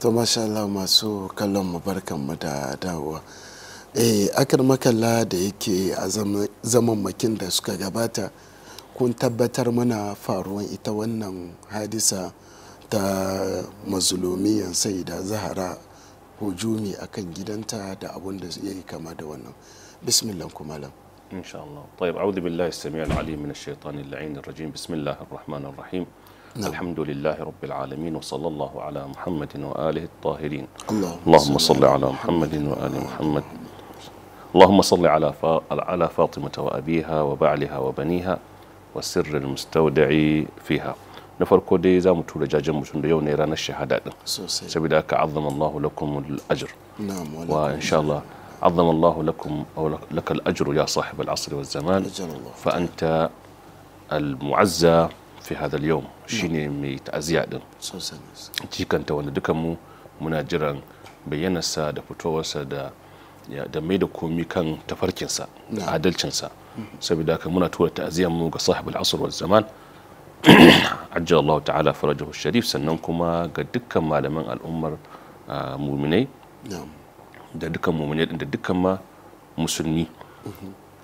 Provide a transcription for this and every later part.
to masha Allah masu kallon mu barkan mu da dawowa eh akar makalla da yake a zaman makin da suka gabata kun tabbatar mana faruwan ita wannan hadisa ta mazulumiyan saida da zahara hujumi akan gidanta da abun da ya kama da wannan bismillah kumalam insha allah الله طيب أعوذ بالله السميع العليم من الشيطان اللعين الرجيم بسم الله الرحمن الرحيم نعم. الحمد لله رب العالمين وصلى الله على محمد وآله الطاهرين اللهم, صل على محمد وآل محمد اللهم صل على على فاطمة وأبيها وبعلها وبنيها والسر المستودع فيها na farko زام za جاجم tura jajen mutum da yau ne ranar shahada din saboda aka azzama Allahu عظم الله لكم أو لك الأجر يا صاحب العصر والزمان فأنت المعزى fi hadal yau shine mai ta'aziyya din jikanta wanda dukan mu muna jiran bayyana sa da fitowarsa da da mai da komi kan tafarkinsa da adalcinsa saboda haka muna tura ta'aziyyar mu ga sahibul asr wal zaman ajjalallahu ta'ala farajahu sharif sannan kuma ga dukkan malaman al'ummar muminai da dukkan muminai da dukkan ma musulmi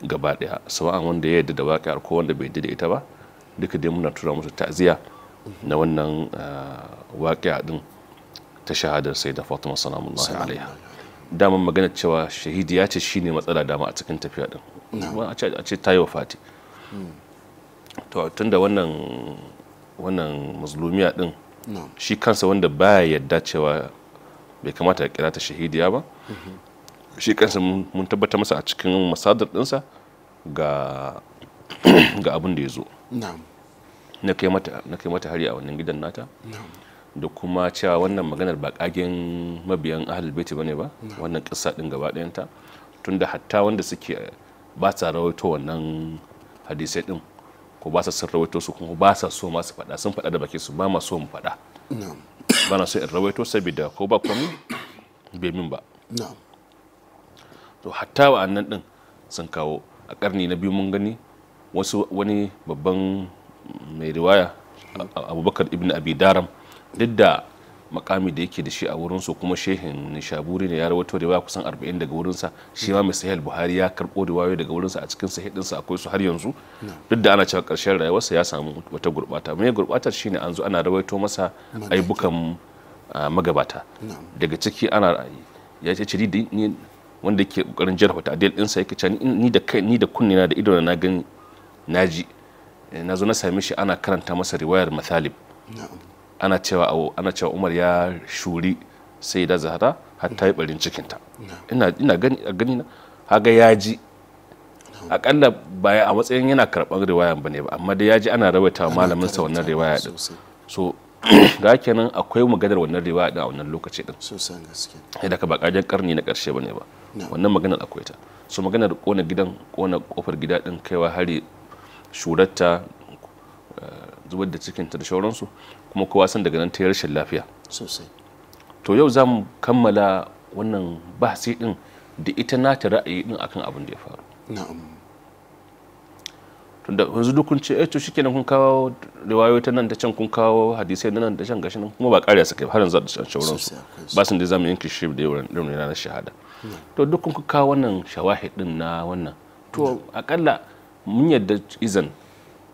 gaba daya sawa'an wanda ya yarda da waƙar ko bai yarda da ita ba duka dai muna tura musu ta'aziyya na wannan ah, waƙiya din ta shahadar sai da fatima salamullahi alaiha dama magana cewa shahidi ya ce shine matsala dama a cikin tafiya din a ce tayi wa fati hmm. to tunda wannan wannan musulmiya din shi kansa wanda baya yadda cewa bai kamata ya kira ta shahidiya ba mhm. shi kansa mun tabbata masa a cikin masadar dinsa ga abin da ya zo na kai mata hari a wannan gidan nata da kuma cewa wannan maganar ba kagen mabiyan ahlul baiti bane ba wannan kissa din gaba ɗayanta tunda hatta wanda suke ba sa rawaito wannan hadisai din ko ba sa sun rawaito su kuma ba sa so masu faɗa sun faɗa da baki su ba masu mu faɗa ba na so in rawaito saboda ko ba komi bai min ba to hatta wa'annan din sun kawo a karni na biyu mun gani wasu wani babban mai riwaya abubakar ibn abi daram duk da makami da yake da shi a wurinsu kuma shehin nishaburi ne ya rawaito riwaya kusan 40 daga wurinsa shi ma mai sahihar buhari ya karɓo riwayoyi daga wurinsa a cikin sahihinsa akwai su har yanzu duk da ana cewa ƙarshen rayuwarsa ya samu wata gurɓata mai gurɓatar shine an zo ana rawaito masa aibukan magabata daga ciki ana ya ce ni wanda ke kokarin jarfa ta adil ɗinsa yake cewa ni da kai ni da kunnina da idona na gani naji eh, na zo na same shi ana karanta masa riwayar mathalib ana cewa ana cewa umar ya shuri sai da zahara har ta yi barin cikinta ina ina gani a gani na haga ya ji akalla ba a matsayin yana karɓar ba bane ba amma da ya ji ana rawaita malamin sa wannan riwaya din so da kenan akwai maganar wannan riwaya din a wannan lokaci din sosan gaske sai eh, da ka ba kajin karni na karshe bane ba wannan maganar akwai ta so maganar kona gidan kona kofar gida din kaiwa hari shurarta eh, zubar da cikinta da shauransu kuma kowa san daga nan ta yi rashin lafiya sosai to yau za mu kammala wannan bahasi din da ita nata ra'ayi din akan abin da ya faru na'am da yanzu duk kun ce eh to shikenan kun kawo riwayoyi ta nan da can kun kawo hadisai na nan da can gashi nan kuma ba ƙarya suka har yanzu da can shauran su ba sun da zamu yanke shi da yawan rauni na shahada to duk kun kawo wannan shawahid din na wannan to akalla mun yadda izan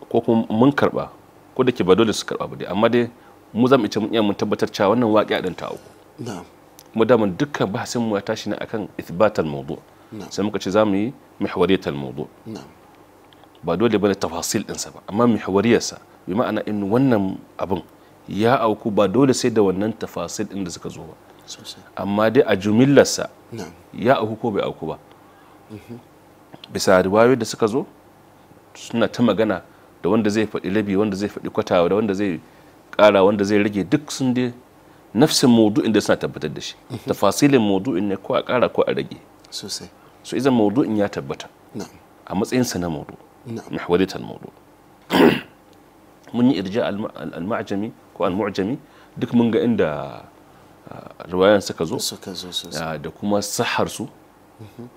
ko kuma mun karba ko da ke ba dole su karba ba dai amma dai mu zamu ce mun iya mun tabbatar cewa wannan waƙi din ta auku kuma daman dukkan bahasin mu ya tashi ne akan ithbatal mawdu sai muka ce zamu yi mihwariyatal mawdu ba dole bane tafasil ɗinsa ba amma mihwariyarsa bi ma'ana in wannan abin ya auku ba dole sai da wannan tafasil ɗin da suka zo ba amma dai a jumillarsa ya auku ko bai auku ba mhm. bisa riwayoyi da suka zo suna ta magana da wanda zai faɗi labi wanda zai faɗi kwata da wanda zai ƙara wanda zai rage duk sun dai nafsin maudu'in inda suna tabbatar da shi mhm. tafasilin maudu'in ne ko a ƙara ko a rage sosai so modu maudu'in ya tabbata a matsayinsa na maudu muhwaditan maudu mun yi irja al-ma'jami ko al-mu'jami duk mun ga inda ah, ruwayan suka zo ah, da kuma sahar su mhm.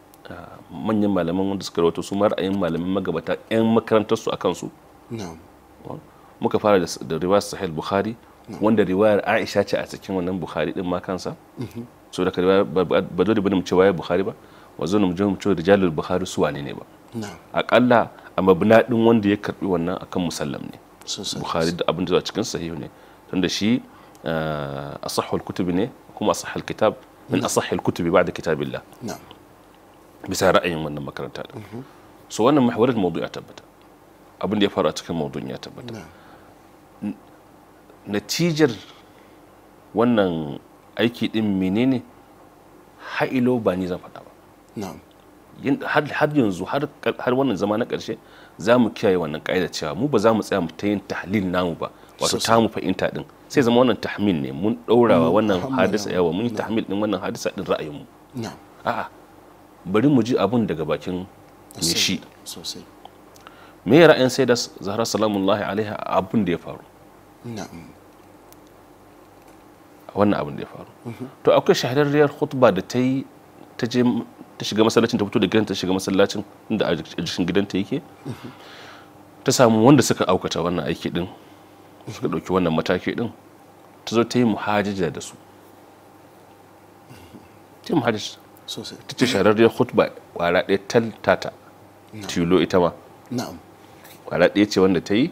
manyan malaman wanda suka rawaito su ma ra'ayin malaman magabata 'yan makarantar su akan su muka fara da riwayar sahih bukhari wanda riwayar aisha ce a cikin wannan bukhari din ma kansa mhm. so da riwayar ba zo da bane mu waye bukhari ba wa zo mu je mu ce rijalul bukhari su wane ne ba akalla a mabna din wanda ya karbi wannan akan musallam ne bukhari da abin da zuwa cikin sahihu ne da shi asahul kutubi ne kuma asahul kitab min asahul kutubi ba'da kitabillah bisa ra'ayin wannan makaranta din so wannan mahawarar mawdu ya tabbata abin da ya faru a cikin mawdu ya tabbata natijar wannan aiki din menene ha'ilo ba ni zan faɗa ba har yanzu har wannan zama na ƙarshe za mu kiyaye wannan ƙa'ida cewa mu ba za mu tsaya mu ta yin tahlil namu ba wato ta mu fahimta din sai zama wannan tahmil ne mun ɗaurawa mm, wannan hadisa yawa mun yi tahmil din wannan hadisa din ra'ayin mu a'a bari mu ji abun daga bakin mai shi sosai me ya ra'ayin sai da zahra salamullahi alaiha abun da ya faru wannan abun da ya faru mhm. to akwai shahararriyar khutba da ta yi ta je ta shiga masallacin ta fito da gidan ta shiga masallacin inda a jikin ta yake mhm. ta samu wanda suka aukata wannan aiki din suka ɗauki wannan mataki din ta zo ta yi muhajija da su ta yi muhajija sosai ta ce shahararriyar khutba kwara ɗaya tal tata tilo ita ma na'am kwara ɗaya ce wanda ta yi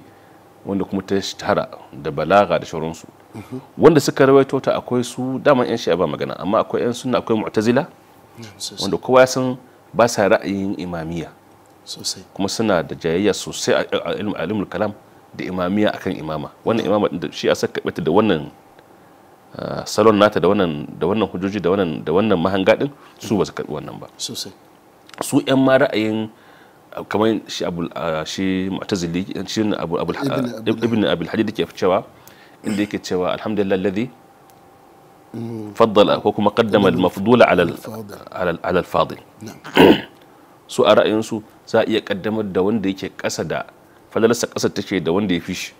wanda kuma ta tara da balaga da shauransu wanda suka rawaito ta akwai su daman yan shi'a ba magana amma akwai yan sunna akwai mu'tazila wanda kowa ya san ba sa ra'ayin imamiya sosai kuma suna da jayayya sosai a ilmul kalam da imamiya akan imama wannan imama shi a saka da wannan salon nata da wannan da wannan hujjoji da wannan mahangadin su ba su karbi wannan ba sosai su yan ma ra'ayin ah, kamar shi abul ah, shi mu'tazili shi abul abul ah, ibn abul da ke cewa inda yake cewa alhamdulillah alladhi faddala ko kuma qaddama mm. al-mafdula alal fadil su a ra'ayin su za a iya kaddamar da wanda yake kasa da falalarsa kasa take da wanda ya fi shi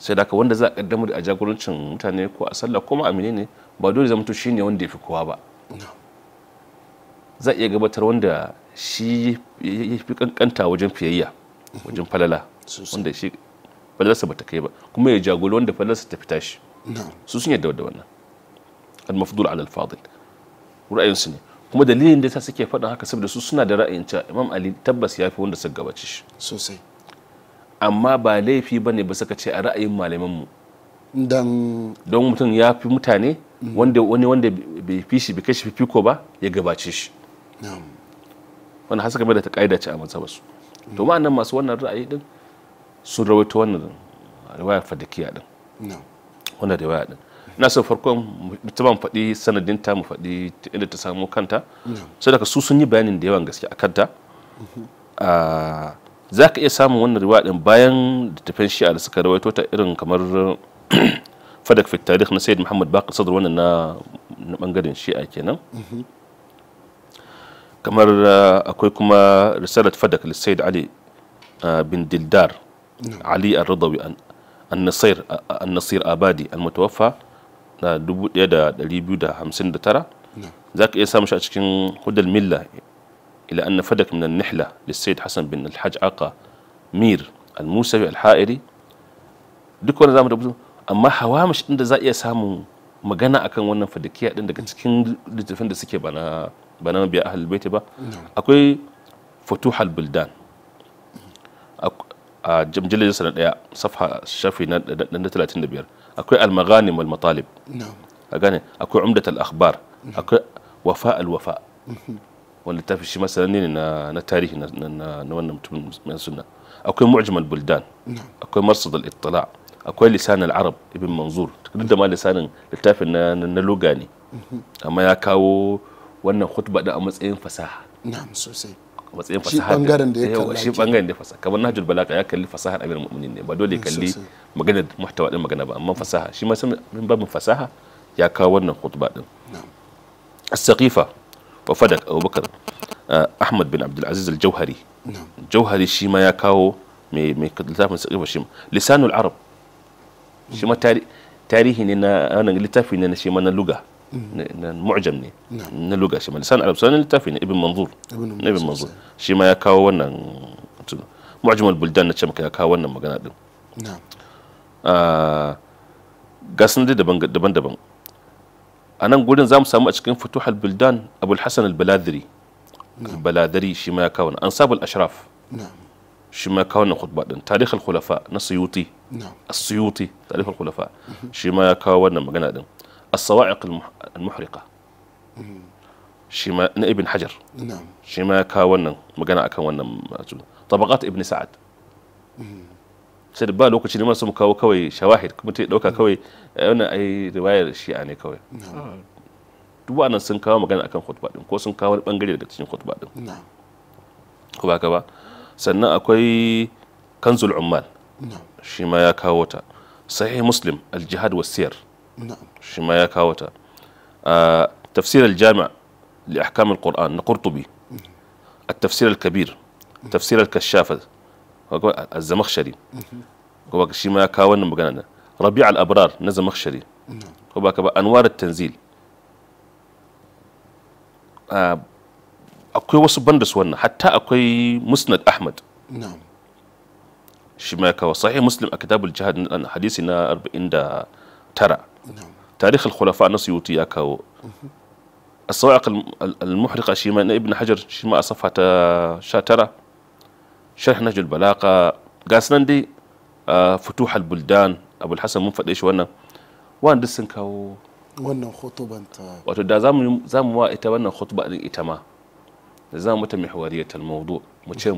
sai da wanda za a kaddamar a jagorancin mutane ko a sallah ko ma'amini ne ba dole zama to shine wanda ya fi kowa ba za a iya gabatar wanda shi ya fi kankanta wajen fiyayya mhm. wajen falala wanda shi falalarsa ba ta kai ba kuma ya jagori wanda falalarsa ta fita shi su sun yadda da wannan al-mafdul ala al-fadil ra'ayinsu ne kuma dalilin da ta suke faɗin haka saboda su suna da ra'ayin cewa Imam Ali tabbas ya fi wanda suka gabace shi sosai amma ba laifi ba ne ba suka ce a ra'ayin malamanmu don mutum ya fi mutane wanda wani wanda bai fi shi bai kashi fiko ba ya gabace shi wani hasa game da ta ƙa'ida ce a wasu to ma'anan masu wannan ra'ayi din sun rawaito wannan riwayar fadakiya din wannan riwaya din na so farkon mutumin faɗi sanadinta mu faɗi inda ta samu kanta sai daga su sun yi bayanin da yawan gaske a kanta mhm. ah, za ka iya samun wannan riwaya din bayan littafin shi'a da suka rawaito ta irin kamar fadak fi tarikh na sayyid muhammad baqir sadr wannan na na bangaren shi'a kenan kamar ah, akwai kuma risalat fadak li sayyid ali ah, bin dildar ali ar-radawi an-nasir an-nasir abadi al-mutawaffa na 1259 za ka iya samun shi a cikin hudal milla إلى أن فدك من النحلة للسيد حسن بن الحاج عاقة مير الموسوي الحائري duk wanda zamu rubuta amma hawamish din da za iya samun magana akan wannan fadakiya din daga cikin littattafan da suke bana bana biya ahlul baiti ba akwai futuhal buldan a jamjalin sana daya safha shafi na 35 akwai al-maghanim wal matalib a akwai umdat al-akhbar akwai wafa al-wafa ولتفشي مثلا ان ان تاريخ نونا من السنه اكو معجم البلدان نعم اكو مرصد الاطلاع اكو لسان العرب ابن منظور تقدر ما لسان لتاف ان نلوغاني اما يا كاو وانا خطبه ده امصين فساحه نعم سوسي امصين فساحه إيه، شي بانغارن ده كان شي بانغارن ده فساحه كما نهج البلاغه يا كلي فساحه امير المؤمنين ما دول يكلي مجند محتوى ده مجند بقى. اما فساحه شي ما من باب الفساحه يا كاو وانا خطبه ده نعم السقيفه fadak abubakar eh, ahmad bin abdulaziz al-jauhari jauhari shi ma ya kawo mai littafin sakirfa shi lisanul arab shi ma tarihi ne na wannan littafi ne na shi ma na luga na mu'jam ne na luga shi ma lisanul arab sanan littafi ne ibn manzur ibn manzur shi ma ya kawo wannan mu'jam al-buldan na chamka ya kawo wannan magana din ah, ga sun daban-daban a nan gurin za mu samu a cikin futuhal bildan abul hasan al-baladiri baladari shi ma ya kawo ansabul ashraf shi ma ya kawo nan khutba din tarikh al-khulafa na suyuti as-suyuti tarikh al-khulafa shi ma ya kawo wannan magana din as-sawa'iq al-muhriqa shi ma na ibn hajar shi ma ya kawo wannan magana akan wannan tabaqat ibn sa'ad sai da ba lokaci ne masu mu kawo kawai shawahid kuma ta dauka kawai eh, wannan ai riwayar shi'a ne kawai duk nan sun kawo magana akan khutba din ko sun kawo wani bangare daga cikin khutba din ko ba ba sannan akwai kanzul ummal shi ma ya kawo ta sahih muslim al-jihad was shi ma ya kawo ta ah, tafsir al-jami' li ahkam al-quran na qurtubi Kabir. الكبير تفسير الكشافة الزمخشري هو شيء ما كاون مجانا ربيع الأبرار نزم مخشري نعم. هو كبا أنوار التنزيل آه، أكو وص بندس ون حتى أكو مسند أحمد نعم شماك وصحيح مسلم كتاب الجهاد حديثنا أربعين ترى نعم. تاريخ الخلفاء نصيوتي أكو الصواعق المحرقة شيماء ابن حجر شماء صفحة شاترة sharh najul balaka ga nan dai futuhal buldan abul hasan mun faɗe shi wannan wanda sun kawo wannan khutuban ta wato da zamu zamu wa ita wannan khutuba din ita ma da zamu mata mihwariyatul mawdu mu ce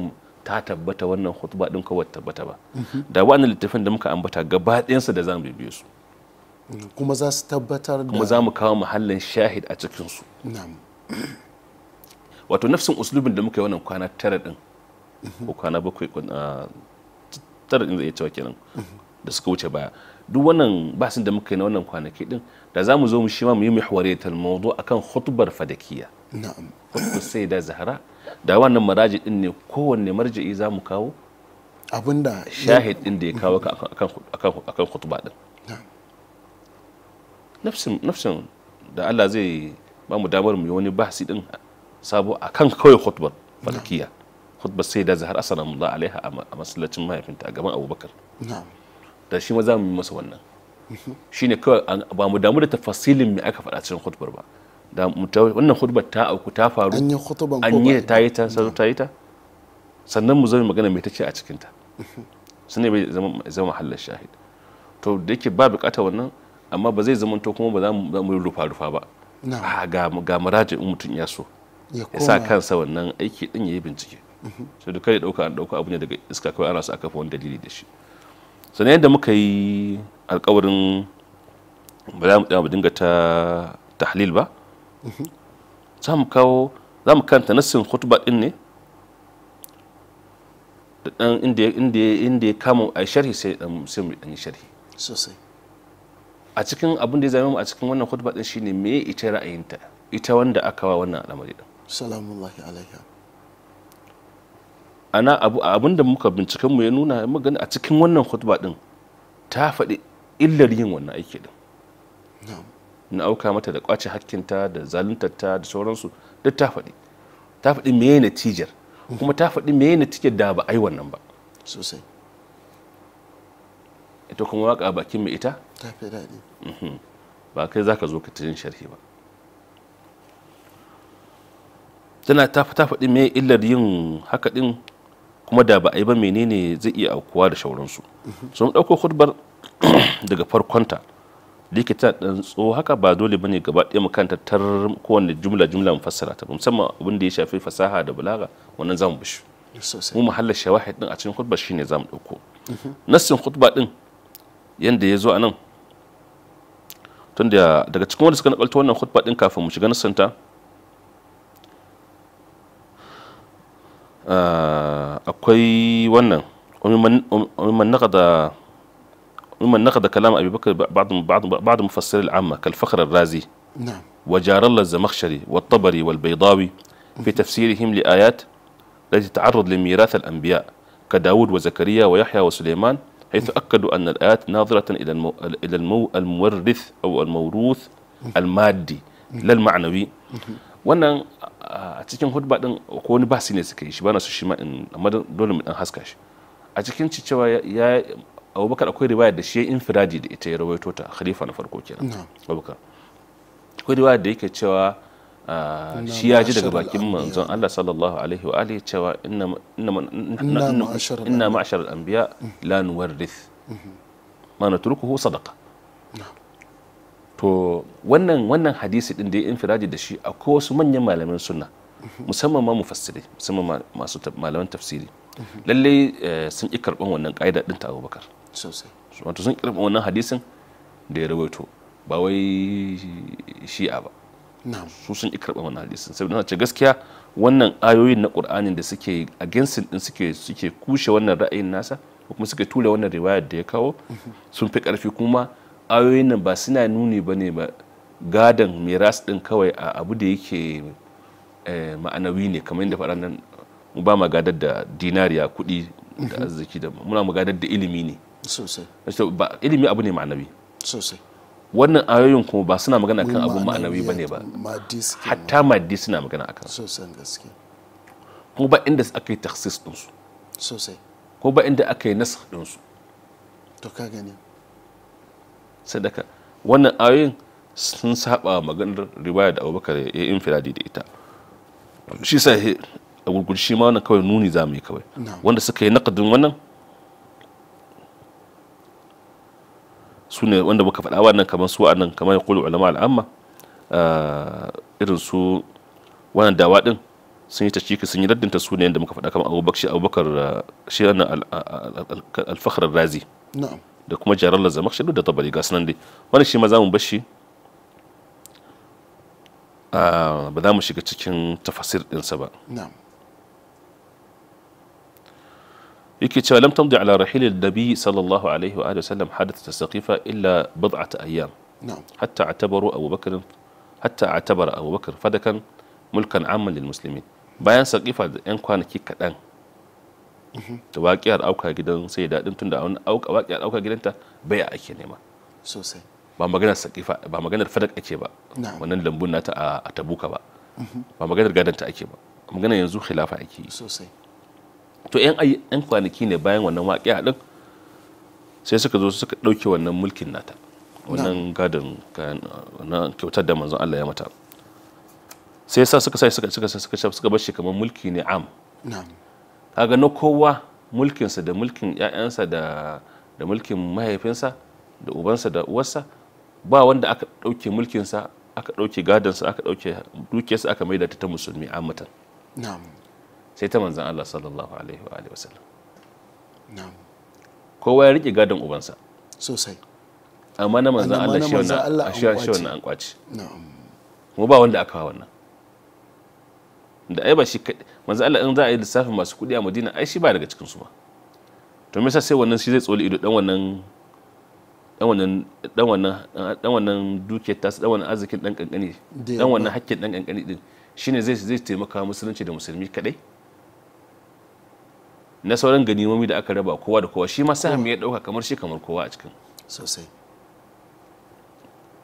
ta tabbata wannan khutuba din kawai tabbata ba da wannan littafin da muka ambata da kuma za su tabbatar da kuma za mu kawo muhallin shahid a cikinsu wato nafsin uslubin da muka yi wannan kwana tara din ko kwana bakwai ah, tara inda ya iya cewa kenan da suka wuce baya duk wannan basin da muka yi na wannan kwanaki din da za mu zo mu shi ma mu yi muhwariyatul a akan hutubar fadakiya na'am sai da zahara da wannan maraji din ne kowanne marji'i za mu kawo abinda shahid din da ya kawo ka akan akan akan din nafsin da Allah zai ba mu damar mu yi wani basi din sabo akan kawai hutubar fadakiya khutbar sai da zahar assalamullahi alaiha a masallacin mahaifinta a gaban abubakar da shi ma za mu yi masa wannan Shi ne kawai ba mu damu da tafasilin me aka faɗa cikin khutbar ba da wannan khutbar ta auku ta faru an yi an yi ta yi ta sanu ta yi ta sannan mu zama magana me tace a cikin ta sune bai zama zama halal shahid to da yake ba bukata wannan amma ba zai zama to kuma ba za mu rufa rufa ba ga ga muraji in mutum ya so ya sa kansa wannan aiki din yayi bincike sai duka ya dauka an dauka abu ne daga iska kawai ana sa kafa wani dalili da shi sannan yadda muka yi alkawarin ba za mu tsaya mu dinga ta tahlil ba za mu kawo za mu kanta nassin khutba din ne da dan inda inda inda ya kama a sharhi sai dan sai mu dan sharhi sosai a cikin abin da ya zama a cikin wannan khutba din shine me ita ra'ayinta ita wanda aka wa wannan al'amari din salamullahi alaikum ana abu abin da muka binciken mu ya nuna magana a cikin wannan khutba din ta faɗi illar yin wannan aiki din na auka mata da kwace hakkinta da zaluntarta da sauransu duk ta faɗi ta faɗi meye natijar mm. kuma ta faɗi meye tike da ba a yi wannan ba sosai ita kuma waka a bakin mai ita ta fi daɗi mhm. ba kai za ka zo ka tijin sharhi ba tana ta faɗi meye illar yin haka din. kuma da ba a yi ba menene zai iya aukuwa da shauransu sun ɗauko hudbar daga farkonta likita ɗan tso haka ba dole bane gaba ɗaya mu kanta tattar kowane jumla jumla mu fassara ta musamman abin da ya shafi fasaha da balaga wannan zamu bishu mu mahallar shawahid din a cikin khutba shine zamu ɗauko nassin khutba din yanda ya zo a nan tunda daga cikin wanda suka nakalta wannan khutba din kafin mu shiga nassanta ta akwai wannan وممن نقد وممن نقد كلام ابي بكر بعض بعض بعض مفسري العامه كالفخر الرازي نعم وجار الله الزمخشري والطبري والبيضاوي في تفسيرهم لايات التي تعرض لميراث الانبياء كداود وزكريا ويحيى وسليمان حيث اكدوا ان الايات ناظره الى المو الى المو المورث او الموروث المادي لا المعنوي wannan a cikin hudba din ko wani basi ne suka yi shi bana su shi ma in amma dole mu dan haska shi a cikin ci cewa ya abubakar akwai riwaya da shi ya infiradi da ita ya rawaito ta khalifa na farko kenan abubakar akwai riwaya da yake cewa shi ya ji daga bakin manzon Allah sallallahu alaihi wa alihi cewa inna inna ma'ashar al-anbiya la nuwarith mhm. ma natrukuhu sadaqa to wannan wannan hadisi din da ya infiraji da shi akwai wasu manyan malaman sunna musamman ma mufassirai musamman masu malaman tafsiri lalle eh, sun ƙi karɓan wannan ƙa'ida din ta Abubakar sosai wato sun karɓan wannan hadisin da ya rawaito ba wai shi'a ba su sun ƙi karɓan wannan hadisin saboda ce gaskiya wannan ayoyin na Qur'anin da suke against din suke suke kushe wannan ra'ayin nasa kuma suke tule wannan riwayar da ya kawo sun fi ƙarfi kuma ayoyin nan ba suna nuni ba ne ba gadon miras din kawai a abu da yake eh, ma'anawi ne kamar yadda faɗa nan mu ba magadar da dinariya kuɗi da mhm. arziki da muna magadar da ilimi ne sosai ba ilimi abu ne ma'anawi sosai wannan ayoyin kuma ba suna magana kan abu ma'anawi ba ne ba hatta maddi suna magana akan sosai gaske kuma ba inda aka yi taksis ɗinsu sosai ko ba inda aka yi nasa ɗinsu to ka gani sadaka wannan ayoyin sun saba maganar riwaya da abubakar ya infiradi da ita shi sa a gurgurji shi ma wannan kawai nuni za mu yi kawai wanda suka yi nakadin wannan su ne wanda muka faɗa wannan kamar su a nan kamar kulu ulama al'amma irin su wannan dawa ɗin sun yi ta ciki sun yi raddinta su ne yadda muka faɗa kamar abubakar shi abubakar alfahar razi na'am da kuma jarar shi duk da tabari gas nan dai wani shi ma zamu bar shi ah ba za mu shiga cikin tafsir din sa ba na'am yake cewa lam tamdi ala rahil al nabi sallallahu alaihi wa alihi wasallam hadathat tasqifa illa bid'at ayyam na'am hatta atabaru Abu Bakr hatta atabara Abu Bakr fadakan mulkan amman lil muslimin bayan saqifa da yan kwanaki kadan da waƙiyar auka gidan sai daɗin tunda a wani waƙiyar auka gidanta bai a ake nema sosai ba maganar sakifa ba maganar fadak ake ba wannan lambun nata a tabuka ba mhm. ba maganar gadanta ake ba maganar yanzu khilafa ake yi sosai to yan kwanaki ne bayan wannan waƙiya din sai suka zo suka ɗauke wannan mulkin nata wannan gadon wannan kyautar da manzon Allah ya mata sai sa suka sai suka suka suka suka bar shi kamar mulki ne am kaga na kowa mulkinsa da mulkin 'ya'yansa da mulkin mahaifinsa da ubansa da uwarsa ba wanda aka ɗauke mulkinsa aka ɗauke gadansa aka ɗauke dukiyarsa aka maida ta ta musulmi amatan sai ta manzan Allah sallallahu alaihi wa alihi wasallam kowa ya rike gadon ubansa sosai amma na manzan Allah shi wannan an kwaci kuma ba wanda aka wa wannan da ai ba shi kaɗai manzo Allah in za a yi lissafin masu kuɗi a Madina ai shi ba daga cikin su ba to me yasa sai wannan shi zai tsoli ido dan wannan dan wannan dan wannan dan wannan dukiyar tasu dan wannan arzikin dan kankani dan wannan hakkin dan kankani din shine zai zai taimaka musulunci da musulmi kadai na sauran ganimomi da aka raba kowa da kowa shi ma sai ya dauka kamar shi kamar kowa a cikin sosai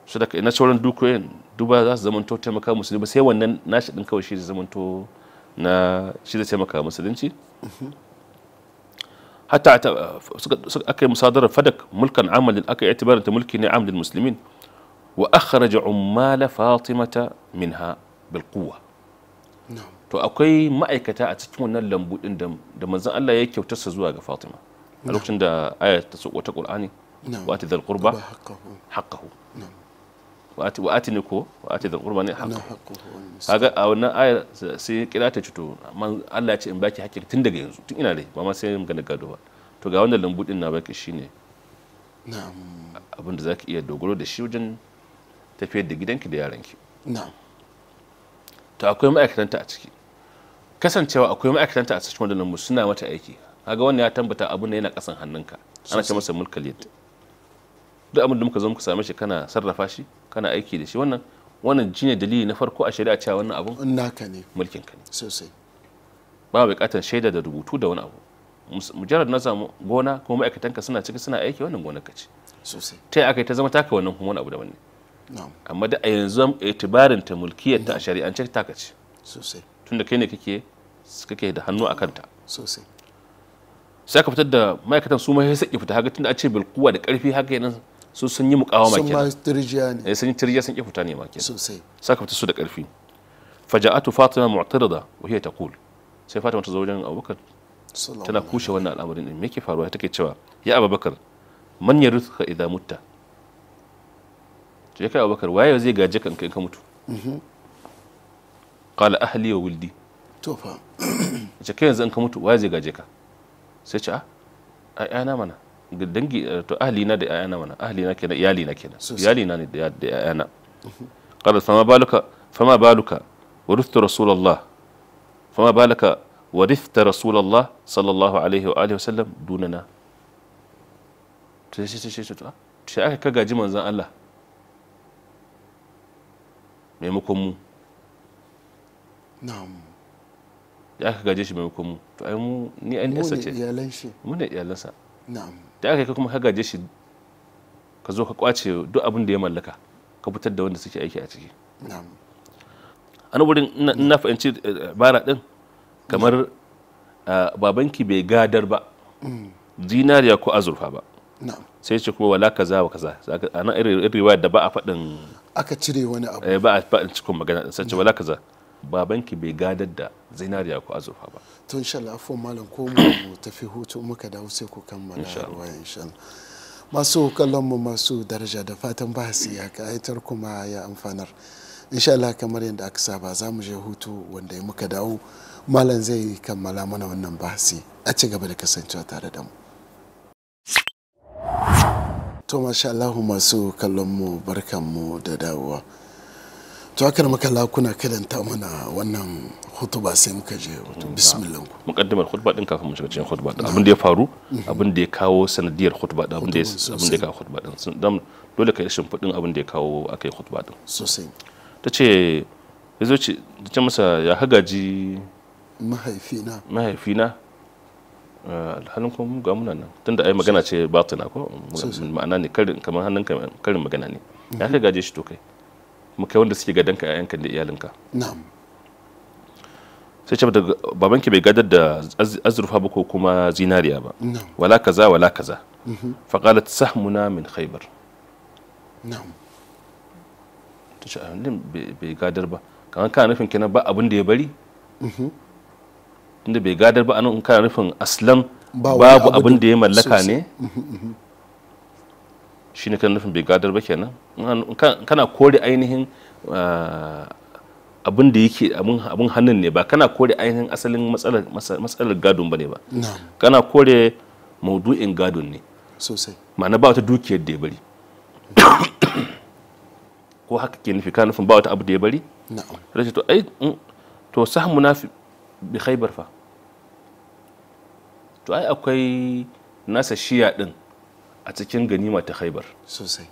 su daga na sauran dukiyoyin duba za su zamanto taimaka musulmi sai wannan nashi din kawai shi zai zamanto na shi zai taimaka musulunci hatta aka yi musadarar fadak mulkan amalin aka yi itibarin ta mulki ne amalin musulmin wa akhraja ummala fatimata minha bil quwwa to akwai ma'aikata a cikin wannan lambu din da manzon Allah ya kyautarsa zuwa ga Fatima a lokacin da ayat ta soko ta Qur'ani wa atidhal qurba haqqahu wa ati ni ko wa zan dhal qurba ne haka a wannan ayar sai kira ta cito man Allah ya ce in baki hakki tun daga yanzu tun ina dai ba ma sai magana gado ba to ga wannan lambu din na baki shine na'am abin da zaki iya dogaro da shi wajen tafiyar da gidanki da yaranki na'am to akwai ma'aikatanta a ciki kasancewa akwai ma'aikatanta a cikin wannan suna mata aiki kaga wannan ya tambata abun da yana kasan hannunka ana ce masa mulkal yadda duk abin da muka zo muka same shi kana sarrafa shi kana aiki da shi wannan wannan shine dalili na farko a shari'a cewa wannan abun naka ne mulkin ka ne sosai ba buƙatar shaida da rubutu da wani abu mujarrad na samu gona kuma ma'aikatanka suna ciki suna aiki wannan gonar ka ce sosai ta aka ta zama taka wannan kuma wani abu daban ne amma da a yanzu itibarin ta mulkiyar ta a shari'ance ta ce sosai tunda kai ne kake kake da hannu a kanta sosai sai ka fitar da ma'aikatan su ma sai fita haka tunda a ce bilkuwa da karfi haka yana su sun yi mukawama kenan sun ma tirjiya ne eh, sun yi tirjiya sun ki fita ne ma kenan sosai saka fita su da karfi faja'atu fatima mu'tarida wa hiya taqul sai fatima ta zo wajen abubakar tana kushe wannan al'amarin din me yake faruwa take cewa ya abubakar man yarithuka idza mutta to ya kai abubakar waye zai gaje ka in ka mutu mhm. qala ahli wa wildi to fa ce kai yanzu in ka mutu waye zai gaje ka sai ce a ah, ai ana mana dangi eh, to ahli na da ayana mana ahli na kenan iyali na kenan iyali na ne da ayana mhm. qala fama baluka fama baluka warithtu rasulullah fama baluka warithta rasulullah sallallahu alaihi wa alihi wa sallam dunana to sai sai sai ah, to sai aka ka gaji manzon Allah maimakon mu na'am ya ka gaje shi maimakon mu to ai mu ni an yasa ce ne mu ne iyalansa na'am da aka yi kuma ka gaje shi ka zo ka kwace duk abin da ya mallaka ka fitar da wanda suke aiki a ciki an wurin na fahimci eh, eh, bara din kamar eh, babanki bai gadar ba zinariya ko azurfa ba sai ce kuma wala kaza wa kaza a nan irin riwayar da ba a faɗin aka cire wani abu ba a fadin cikin magana sai ce wala kaza babanki bai gadar da zinariya ko azurfa ba tun shal afuwan malam ko mu tafi hutu muka dawo sai ku kammala ruwa inshallah masu kallonmu masu daraja da fatan bahasi ya kayatar kuma ya amfanar inshallah kamar yadda aka saba za mu je hutu wanda ya muka dawo malam zai kammala mana wannan bahasi a ci gaba da kasancewa tare da mu to masha Allah masu barkan mu da dawowa to haka da makalla kuna kadanta mana wannan hutuba sai muka je wato bismillah ku muqaddimar khutba din kafin mu shiga cikin hutuba din ah. abin da ya faru mhm. abin da ya kawo sanadiyar hutuba din abin da abin da ya kawo hutuba din dan dole kai shin fudin abin da ya kawo akai hutuba din sosai tace yazo ce tace masa ya hagaji mahaifina mahaifina ah, alhalin kuma ga muna nan tunda ai magana ce batina ko ma'ana ne karin kamar hannun karin magana ne ya hagaje mhm. shi to kai mu kai wanda suke gadanka yayanka da iyalinka na'am sai ce da babanki bai gadar da azurfa ba ko kuma zinariya ba wala kaza wala kaza mhm. faqalat sahmuna min khaybar na'am ta ce ah, bai gadar ba kamar kana nufin kenan ba abin da ya bari inda mhm. bai gadar ba anan kana nufin aslan babu abin da ya mallaka ne mhm, shine kana nufin bai gadar ba kenan kana kore ainihin ah, abin da yake abin hannun ne ba kana kore ainihin asalin matsalar gadon ba ne ba kana kore maudu'in gadon ne sosai ma'ana ba wata dukiyar da ya bari ko haka ke nufi kana nufin ba wata abu da ya bari to ai mm, to sahmu na bi khaybar fa to ai akwai nasa shiya din a cikin ganima ta haibar sosai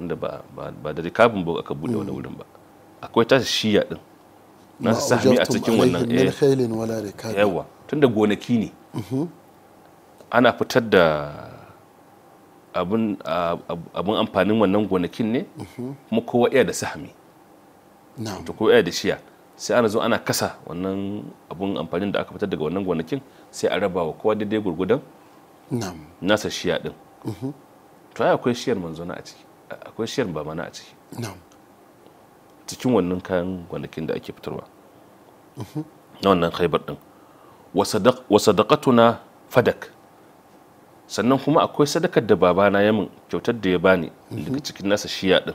wanda ba ba da rikabin ba aka bude wani wurin ba akwai tashi shiya din na sami a cikin wannan eh. yawa tunda gonaki ne mm-hmm. ana fitar da abin amfanin wannan gonakin ne mm-hmm. kuma kowa iya da sahmi to kowa iya da shiya sai ana zo ana kasa wannan abun amfanin da aka fitar daga wannan gonakin sai a raba wa kowa daidai gurgudan nasa shiya din mm-hmm. to ai akwai shiyar manzona a ciki akwai shiyar bamana a ciki cikin wannan kayan gwanakin da ake fitarwa mm-hmm. na wannan khaibar din wa sadaqatuna fadak sannan kuma akwai sadakar da babana ya min kyautar da ya bani mm-hmm. daga cikin nasa shiya din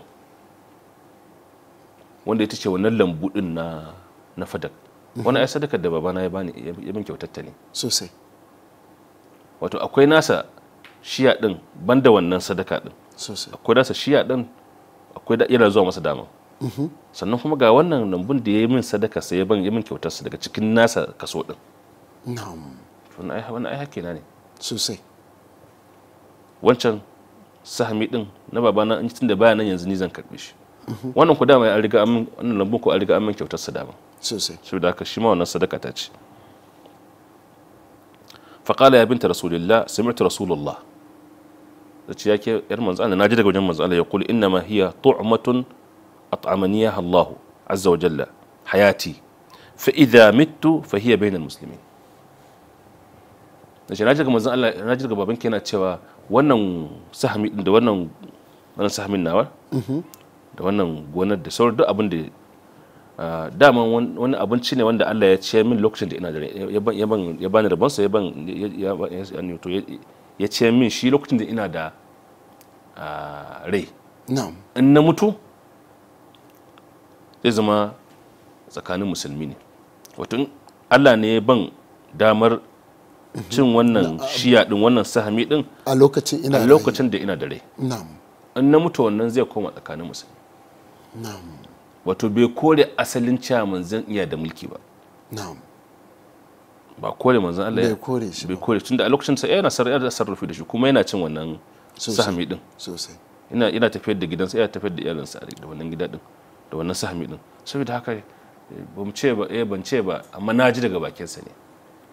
wanda ita ce wannan lambu din na fadak wani ai sadakar da babana ya bani ya min kyautar ta ne sosai wato akwai nasa shiya din banda wannan sadaka din akwai nasa shiya din akwai da yana zuwa masa dama mm-hmm. sannan kuma ga wannan lambun da ya yi min sadaka sai ya ban yi min sa daga cikin nasa kaso din wannan ai haƙƙi na ne sosai wancan sahami din na babana in tun da baya nan yanzu ni zan karbi shi mm-hmm. wannan ku dama ya riga an wannan lambun ku a riga an min sa dama sosai saboda haka shi ma wannan sadaka ta ce faƙala ya binta rasulillah sami'tu rasulullah zace yake yar manzo Allah naji daga wajen manzo Allah ya kul inna ma hiya tu'matun at'amaniyaha Allah azza wa jalla hayati fa idha mittu fa hiya bainal muslimin zace naji daga manzo Allah naji daga baban yana cewa wannan sahami da wannan wannan sahamin nawa da wannan gonar da sauran duk abin da dama wani abinci ne wanda Allah ya ce min lokacin da ina da ya bani rabonsa ya ban ya ce min shi lokacin da ina da rai in na mutu zai zama tsakanin musulmi ne wato Allah ne ya ban damar mhm. cin wannan shiya din wannan sahami din a lokacin da ina da rai in na mutu wannan zai koma tsakanin musulmi wato bai kore asalin cewa manzan iya da mulki ba ba kore manzan Allah bai kore shi bai kore tunda a lokacin sa eh, yana da sarrafi da shi kuma yana cin wannan sahami din sosai ina tafiyar da gidansa yana tafiyar da iyalinsa da wannan gida din da wannan sahami din saboda haka eh, ban ce ba eh ban ce ba amma naji daga bakin sa ne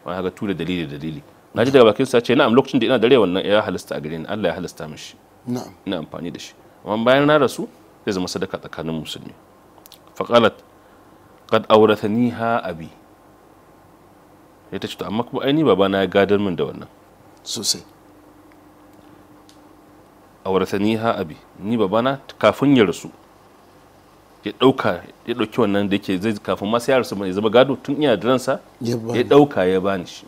wani haka tura dalili dalili naji daga bakin sa ce na'am lokacin da ina dare wannan ya halasta a gare ni Allah ya halasta mishi na'am ina amfani da shi amma bayan na rasu zai zama sadaka tsakanin musulmi فقالت قد auratani ha ya ta to amma kuma aini babana ya gadar min da wannan sosai auratani ha abi ni babana kafin ya rasu ya ɗauka ya wannan da yake zai kafin ma sai ya rasu ya zama gado tun iya da ransa ya dauka ya bani shi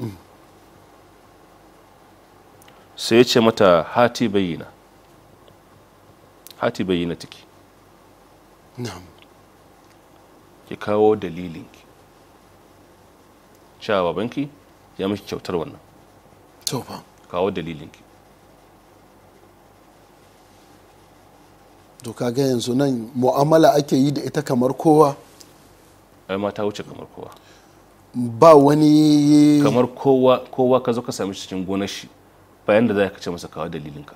sai ya ce mata hati bayyana hati bayyana tiki na'am ya kawo dalilinki cewa babanki ya miki kyautar wannan kawo dalilinki to ga yanzu nan mu'amala ake yi da ita kamar kowa ai ma ta wuce kamar kowa ba wani kamar kowa kowa ka zo ka sami cikin gonar shi bayan da za ka ce masa kawo dalilinka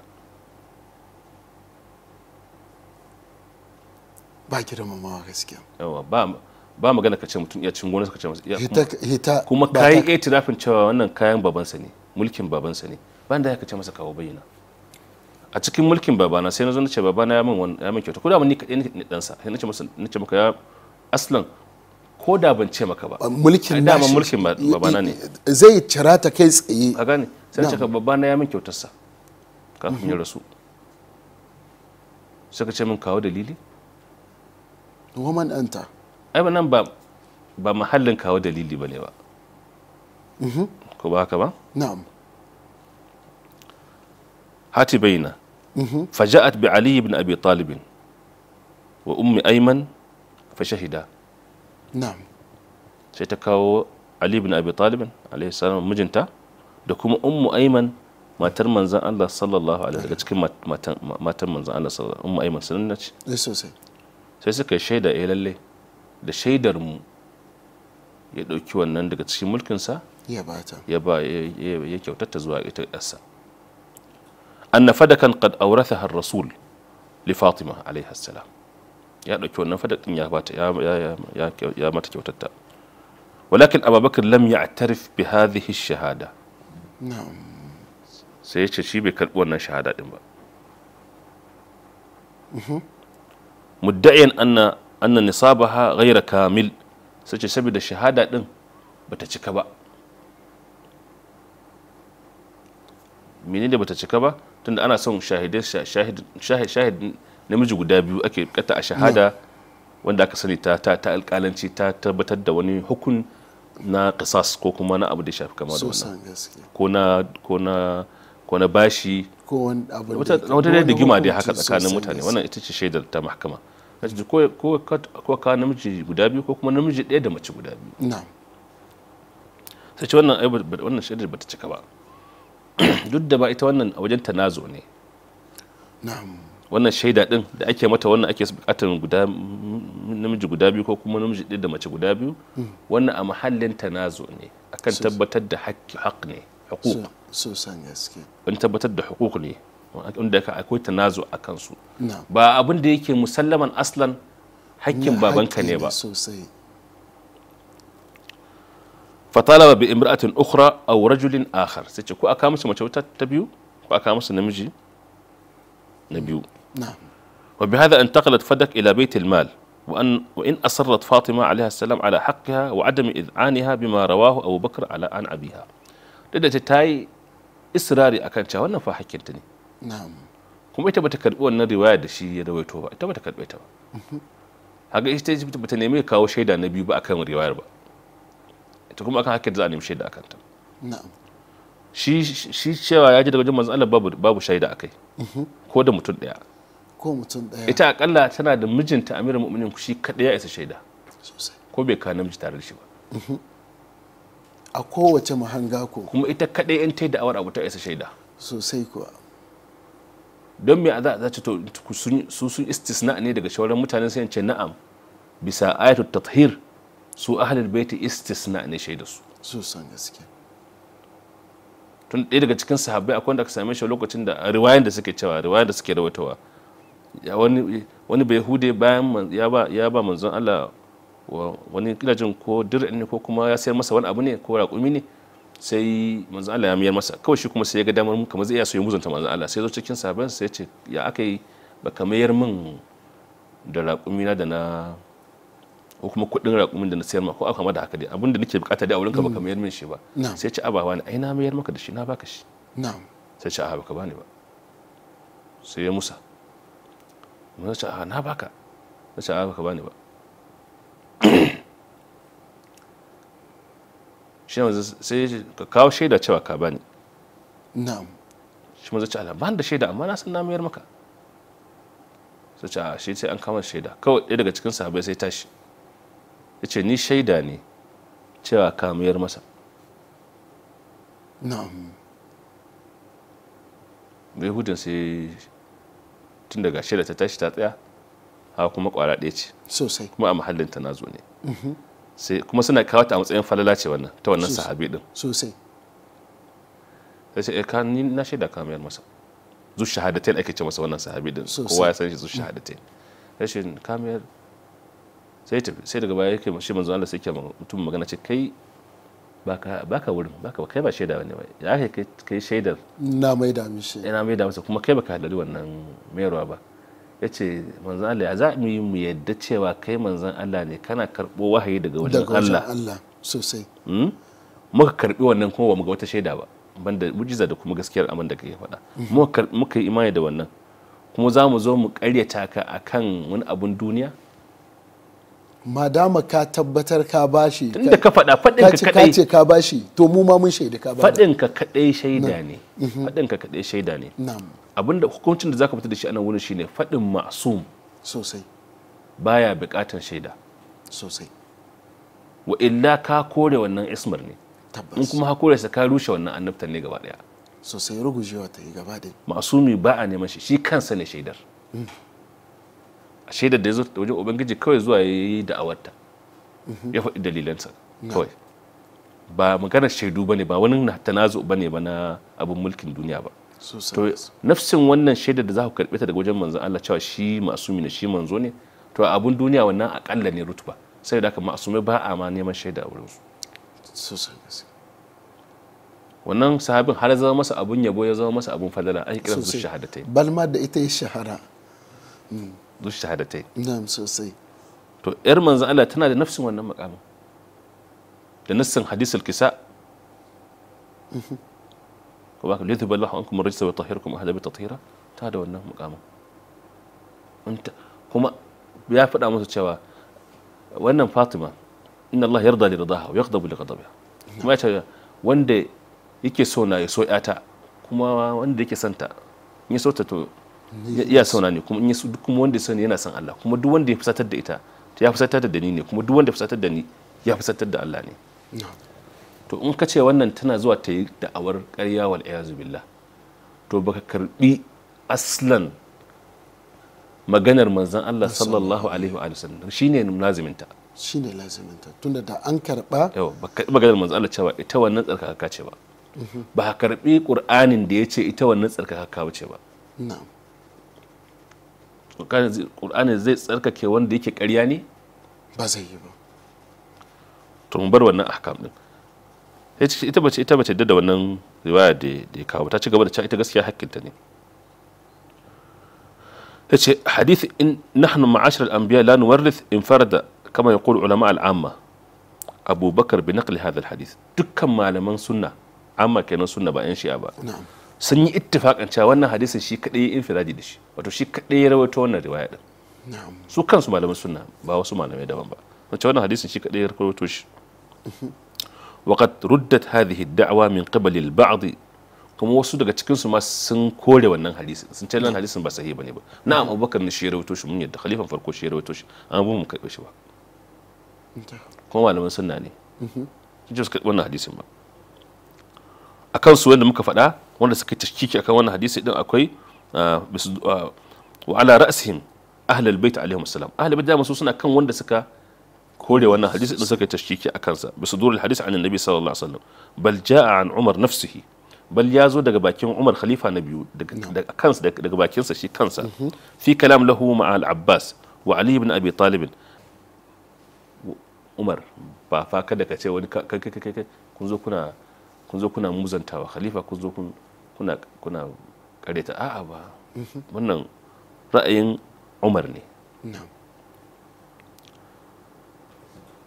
ba girmamawa gaskiya yawa ba ba magana ka ce mutum ya cin gona suka ce masa hita kuma kayi itirafin cewa wannan kayan babansa ne mulkin babansa ne ban da ya ce masa kawo bayyana a cikin mulkin babana sai na zo na ce babana ya min ya min kyauta ko da ni kadai ne ɗansa sai na ce masa na ce maka ya aslan ko da ban ce maka ba mulkin na dama mulkin babana ne zai cira ta kai tsaye a gane sai na ce ka babana ya min kyautarsa kafin ya mhm. rasu sai ka ce min kawo dalili woman anta ai nan ba ba mahallin kawo dalili ba ne ba mhm. ko ba haka ba na'am hati baina mhm. faja'at bi ali ibn abi talib wa ummi ayman fa shahida na'am sai ta kawo ali ibn abi talib alayhi salam mijinta da kuma ummu ayman matar manzan Allah sallallahu alaihi daga cikin matan manzan Allah sallallahu alaihi ummu ayman sunan ce eh, sai suka shaida eh lalle da shaidar mu ya ɗauki wannan daga cikin mulkinsa ya ya ba ya kyautata zuwa ita ƙasa anna fadakan qad awrathaha ar-rasul li fatima alaiha salam ya ɗauki wannan fadakin ya bata ya ya ya mata kyautata walakin abubakar lam ya'tarif bi hadhihi ash-shahada na'am sai ya ce shi bai karbi wannan shahada din ba mhm. mudda'iyan anna annan nisabaha ghaira kamil sace saboda shahada din bata cika ba menene bata cika ba tunda ana son shahidai shahid namiji guda biyu ake kata a shahada wanda aka sani ta ta ta alƙalanci ta tabbatar da wani hukun na qisas ko kuma na abu da shafi kama da wannan ko na ko na ko na bashi ko wani abu da wata da gima dai haka tsakanin mutane wannan ita ce shaidar ta mahkama kace ko ko ko ka namiji guda biyu ko kuma namiji ɗaya da mace guda biyu na'am sai ce wannan wannan shaidar bata cika ba duk da ba ita wannan a wajen tanazo ne na'am wannan shaida din da ake mata wannan ake bukatar guda namiji guda biyu ko kuma namiji ɗaya da mace guda biyu hmm. wannan a mahallin tanazo ne akan tabbatar da haƙƙi haƙ ne haƙuƙ so gaske an tabbatar da haƙuƙ ne wanda ka akwai tanazu a kansu ba abin da yake musallaman aslan hakkin babanka ne ba fatalaba bi imra'atin ukhra aw rajulin akhar sai ce ko aka musu mace ta biyu ko aka musu namiji na biyu wa bi hadha intaqalat fadak ila bayt al-mal fatima وإن أصرت فاطمة عليها السلام على حقها وعدم إذعانها بما رواه أبو بكر على عن أبيها لذا تاي إصراري kuma ita bata karbi wannan riwaya da shi ya rawaito ba ita bata karbe ta ba mm-hmm. haka ita ita bata nemi kawo shaida na biyu ba akan riwayar ba ita kuma akan hakkin da za a nemi shaida akan ta shi shi cewa ya ji daga wajen manzon Allah babu babu shaida akai mm-hmm. ko da mutum daya ko mutum daya ita akalla tana da mijinta Amirul Mu'minin shi kadai ya isa shaida sosai ko bai ka namiji tare da shi ba mm-hmm. a kowace mahanga ko kuma ita kadai in ta da awar abu ta isa shaida sosai kuwa don me a za a ce to su sun istisna ne daga shawarar mutane sai ce na'am bisa ayatu tathir su ahlul baiti istisna ne shaida su su san gaske tun ɗaya daga cikin sahabbai akwai wanda aka same shi lokacin da riwayan da suke cewa riwayan da suke rawatawa wani wani bai hude bayan ya ba ya ba manzon Allah wani kilajin ko dir'in ne ko kuma ya sayar masa wani abu ne ko raƙumi ne sai manzo Allah ya miyar masa kawai shi kuma sai ya ga damar kamar zai iya so ya muzanta manzo Allah sai zo cikin sabon sai ya ce ya aka yi baka mayar min da raƙumi na da na ko kuma kuɗin raƙumin da na sayar ma ko aka da haka dai abinda da nake bukata dai a wurinka baka mm. mayar min shi ba sai ce abawa ne ai na mayar maka da shi na baka shi sai ce a baka bani ba sai ya musa mun ce a na baka sai ce a baka bani ba shi ne sai ka kawo shaida cewa ka bani na'am shi zai ci ala da shaida amma na san na mayar maka sai ce a shi sai an kama shaida kawai ɗaya daga cikin sahabbai sai tashi ya ce ni shaida ne cewa ka mayar masa na'am hudun sai tun daga shaida ta tashi ta tsaya haka kuma kwara ɗaya ce sosai kuma a mahallinta na zo ne mm-hmm. sai kuma suna kawo ta a matsayin falala ce wannan ta wannan sahabi din sosai sai sai eh, ka ni na shaida ka mai masa zu shahadatain ake ce masa wannan sahabi din kowa ya san shi zu shahadatain sai shi ka mai sai tafi sai daga baya yake shi manzo Allah sai ke mutum magana ce kai baka baka wurin baka kai ba shaida bane bai ya kai kai shaidar na mai da mishi ina eh, da masa kuma kai baka hadari wannan ruwa ba ya ce manzan Allah za mu yi mu yadda cewa kai manzan Allah ne kana karɓo wahayi daga wajen Allah sosai hmm? muka karɓi wannan kuma ba mu ga wata shaida ba banda mujiza da kuma gaskiyar abin da kake faɗa mhm. muka yi imani da wannan kuma za mu zo mu karyata ka kan wani abun duniya madama ka tabbatar ka bashi tunda ka faɗa faɗin ka kadai ce ka bashi to mu ma mun shaida ka ba faɗin ka kadai shaida ne mhm. faɗin ka kadai shaida ne na'am abinda hukuncin da zaka fita da shi anan wurin shine faɗin ma'sum sosai baya buƙatar shaida sosai wa illa ka kore wannan ismar ne in kuma ka kore sa ka rushe wannan annabtan ne gaba daya sosai rugujewa ta yi gaba da masumi ba a neman shi shi kansa ne shaidar mm. a shaidar da ya zo da wajen ubangiji kawai zuwa ya yi da'awarta mhm. ya faɗi dalilansa kawai ba maganar shaidu ba ne ba wani tanazu ba ne ba na abin mulkin duniya ba to nafsin wannan shaidar da za ku karɓi ta daga wajen manzon Allah cewa shi masumi ne shi manzo ne to abun duniya wannan akalla ne rutuba sai da haka masumai ba a ma neman shaida a wurinsu sosai wannan sahabin har zama masa abun yabo ya zama masa abun fadala an kira su shahadatai balma da ita ya shahara hmm. zu shahadatai na'am sosai to yar manzon Allah tana da nafsin wannan makamin da nassin hadisul kisa mhm. kuma ka lithi ballahu ankum rijsa wa tahhirukum ahla bi tathira ta da wannan mukamin kuma ya faɗa musu cewa wannan Fatima inna Allah yarda li ridaha wa yaghdabu li ghadabiha kuma ya ce wanda yake so na ya ta kuma wanda yake santa in ya ta ne kuma in ya duk kuma wanda yana san Allah kuma duk wanda ya fusatar da ita ya fusatar da ni ne kuma duk wanda ya fusatar da ni ya fusatar da Allah ne to in ka ce wannan tana zuwa ta yi da'awar ƙarya wal billah to baka karbi aslan maganar manzan Allah sallallahu alaihi wa sallam shine laziminta shine laziminta tunda da an karba yau baka maganar manzan Allah cewa ita wannan tsarkaka ce ba mhm. ba ka karbi qur'anin da ya ce ita wannan tsarkaka ka ce ba na'am qur'ani zai tsarkake wanda yake ƙarya ne ba zai yi ba to mun bar wannan ahkam din ita bace ita bace da wannan riwaya da ya kawo ta ci gaba da ita gaskiya hakkinta ne yace hadith in nahnu ma'ashar al-anbiya la in infarada kama yaqul ulama al-amma abubakar bi naqli hadha al-hadith dukkan malaman sunna amma kenan sunna ba yan shi'a ba sun yi ittifakan cewa wannan hadisin shi kadai ya infiradi da shi wato shi kadai ya rawaito wannan riwaya din su kansu malaman sunna ba wasu malamai daban ba wace wannan hadisin shi kadai ya rawaito shi mhm. وقد ردت هذه الدعوة من قبل البعض kuma wasu daga cikinsu ma sun kore wannan hadisi sun ce nan hadisin ba sahihi bane ba na'am abubakar ne shi ya rawaito shi mun yadda khalifan farko shi ya rawaito shi an bu mu karɓe shi ba kuma malaman sunna ne kike su karɓi wannan hadisin ba akan su wanda muka faɗa wanda suka tashkiki akan wannan hadisi din akwai wa ala ra'sihim ahlul bait alaihim salam ahlul bait da suna kan wanda suka kore wannan hadisi din suka tashkiki a kansa bi sudurul hadisi an annabi sallallahu alaihi wasallam bal jaa an umar nafsihi bal ya zo daga bakin umar khalifa na biyu daga bakinsa shi kansa fi kalam lahu ma'a abbas wa ali ibn abi Talibin umar ba fa kada ka ce wani kun zo kuna kun zo kuna muzantawa khalifa kun zo kuna kareta a'a ba wannan ra'ayin umar ne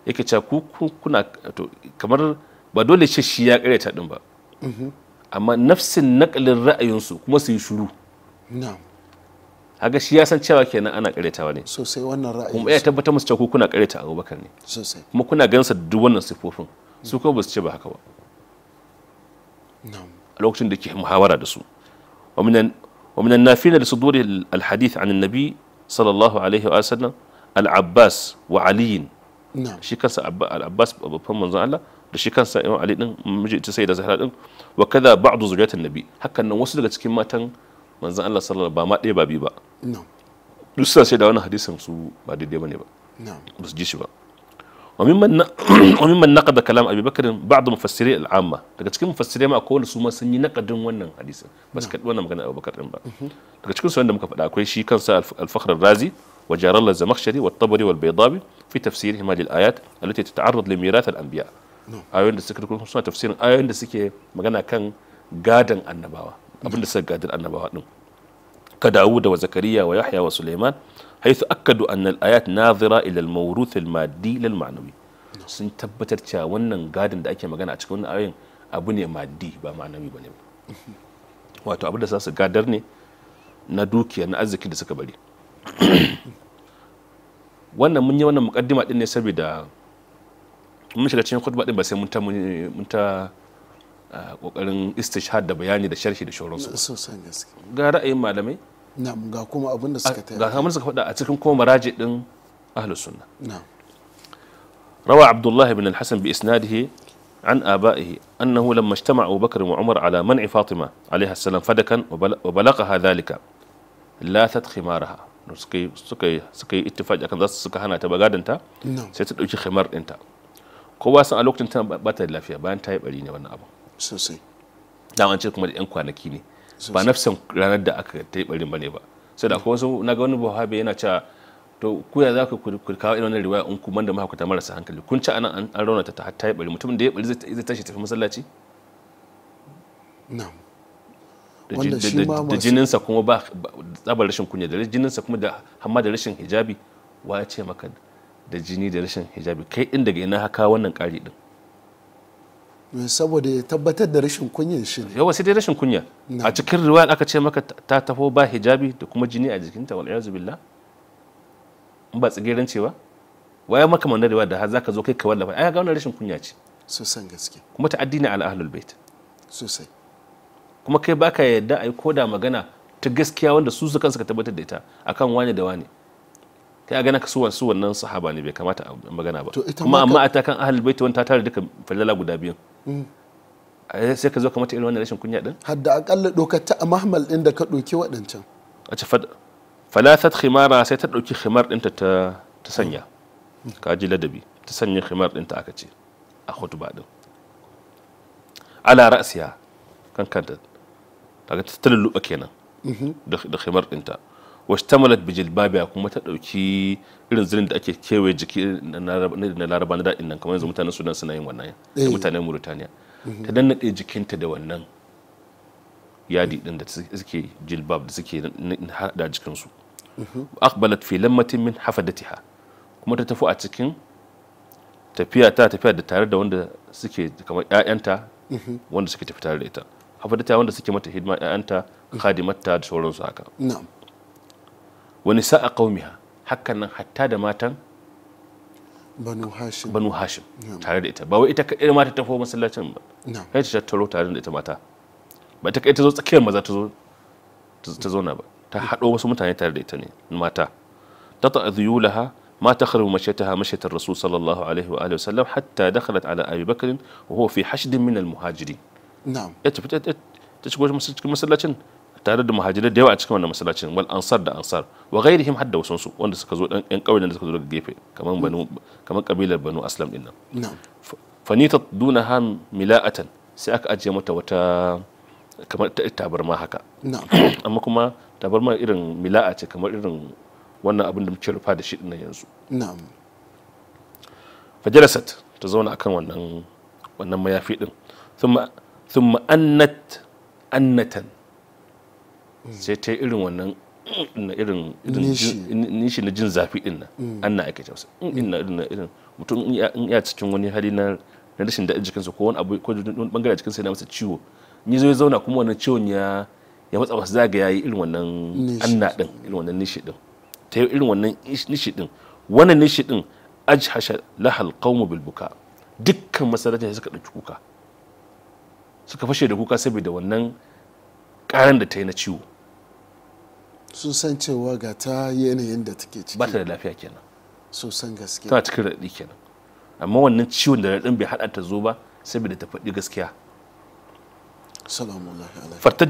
yake cewa ku kuna to kamar ba dole ce shi ya karyata din ba mhm. amma nafsin nakalin ra'ayinsu kuma su yi shuru haka shi ya san cewa kenan ana karyatawa ne sosai wannan ra'ayi kuma ya tabbatar musu cewa ku kuna karyata Abubakar ne sosai kuma kuna gansa duk wannan sifofin su kuma ba su ce ba haka ba a lokacin da ke muhawara da su wa min an-nafina li suduri al-hadith an an-nabi sallallahu alaihi wa sallam al-Abbas wa Ali shi kansa abbas babban manzon Allah da shi kansa imam ali din miji ita sai da zahra din wa kaza ba'du zuriyatan nabi hakan nan wasu daga cikin matan manzon Allah sallallahu ba ma ɗaya ba bi ba duk suna sai da wannan hadisin su ba daidai bane ba ba su ji shi ba وممن نقد كلام ابي بكر بعض مفسري al'amma daga cikin mufassirai ma akwai wanda su ma sun yi nakadin wannan hadisin ba su wannan magana Abu Bakar din ba mhm. daga cikin su wanda muka faɗa akwai shi kansa al-Fakhr razi وجار الله الزمخشري والطبري والبيضاوي في تفسيرهما للآيات التي تتعرض لميراث الأنبياء ayoyin da suka rikon suna tafsirin ayoyin da suke magana kan gadan annabawa abinda suka gadan annabawa din ka da wa zakariya wa yahya wa suleiman haythu akkadu anna al-ayat nadhira ilal al-mawruth al-maddi lil ma'nawi sun tabbatar cewa wannan gadin da ake magana a cikin wannan ayoyin abu ne maddi ba ma'anawi bane wato abin da za su gadar ne na dukiya na arziki da suka bari wannan mun yi wannan mukaddima din ne saboda mun shiga cikin khutba din ba sai mun ta mun ta ah, kokarin istishhad da bayani da sharhi da ga ra'ayin malamai na'am ga kuma abin da ah, suka tayi ga kamar suka faɗa a cikin kuma maraji din ahlus sunna na'am روى عبد الله بن الحسن بإسناده عن آبائه أنه لما اجتمع أبو بكر وعمر على منع فاطمة عليها السلام فدكا وبلغها ذلك لاثت خمارها suka suka suka yi ittifaki akan za su suka hana ta bagadanta sai ta dauki khimar dinta kowa san a lokacin ta ba ta da lafiya bayan ta yi bari ne wannan abu sosai an ce kuma da yan kwanaki ne ba nafsan ranar da aka ta yi ba bane ba sai da kuma wasu na ga wani buhabe yana cewa to ku ya za ku kawo irin wannan riwaya in ku banda mahaukata marasa hankali kun ci anan an raunata ta har ta yi bari mutumin da ya bari zai tashi tafi masallaci na'am da jininsa kuma ba tsabar rashin kunya da jininsa kuma da hamma da rashin hijabi wa ya ce maka da jini da rashin hijabi kai in daga ina haka wannan ƙari din saboda ya tabbatar da rashin kunya shi yawa sai dai rashin kunya a cikin riwayar aka ce maka ta taho ba hijabi da kuma jini a jikinta wal iyazu billah in ba tsigirin cewa waya maka wannan riwaya da har zaka zo kai ka wallafa ai ga wannan rashin kunya ce sosan gaske kuma ta addini al ahlul bait sosai kuma kai baka yadda a yi koda magana ta gaskiya wanda su kansu ka tabbatar da ita akan wane da wane kai a gana ka suwan su wannan sahaba ne bai kamata a magana ba kuma amma a takan ahlul baiti wani ta tare duka falala guda biyu mm. sai ka zo ka mata irin wannan rashin kunya din hadda akalla dokar ta mahmal din da ka doki waɗancan a ce falasat khimara sai ta ɗauki khimar ɗinta ta ta sanya mm. ka ji ladabi ta sanya khimar ɗinta aka ce a hutuba din ala ra'siya kan kanta kaga ta lulluɓa kenan da khimar ɗinta wasu tamalat bijil babiya kuma ta dauki irin zirin da ake kewaye jiki na laraba na daɗin nan kamar yanzu mutanen sudan suna yin wannan eh. mutanen mauritaniya mhm. ta dannaɗe jikinta da wannan yadi ɗin da suke jilbab da suke haɗa jikinsu mhm. akbalat fi lammatin min hafadatiha kuma ta tafi a cikin tafiya ta tafiya da tare da wanda suke kamar 'ya'yanta mhm. wanda suke tafi tare da ita akwai wanda suke mata hidima ƴaƴanta khadimatta da sauransu haka na'am wani sa'a qaumiha hakan nan hatta da matan banu hashim banu hashim tare da ita ba wai ita kaɗai mata ta fo masallacin ba kai ta tattaro tare da ita mata ba ta kai ta zo tsakiyar maza ta zo ta zauna ba ta hado wasu mutane tare da ita ne mata ta ta'adhiyu laha ما تخرب مشيتها مشية الرسول صلى الله عليه وآله وسلم حتى دخلت على أبي بكر وهو في حشد من المهاجرين ya ta shigo cikin masallacin tare da muhajirai da yawa a cikin wannan masallacin wal ansar da ansar wa ghairihim hadda wasu su wanda suka zo dan yan kauyen da suka zo daga gefe kamar banu kamar kabilar banu aslam din nan fanita dunaha mila'atan sai aka ajiye mata wata kamar tabarma haka amma kuma tabarma irin mila'a ce kamar irin wannan abin da muke rufa da shi dinnan yanzu fajalasat ta zauna akan wannan wannan mayafi din thumma thumma annat annatan sai ta irin wannan irin nishi na jin zafi din nan mm. anna ake tausa inna mm. irin irin mutum in ya cikin wani hali na rashin daɗin jikinsa ko wani abu ko wani bangare jikinsa yana masa ciwo ni zo ya zauna kuma wannan ciwon ya ya matsa wasu zaga yayi irin wannan anna din irin wannan nishi din ta yi irin wannan nishi din wannan nishi din ajhasha lahal qaumu bil buka dukkan masarauta suka dauki kuka suka fashe da kuka saboda wannan karan da ta yi na ciwo sun san cewa ga ta yanayin da take ciki ba ta da lafiya kenan san gaske tana cikin raɗi kenan amma wannan ciwon da raɗin bai haɗa ta zo ba saboda ta faɗi gaskiya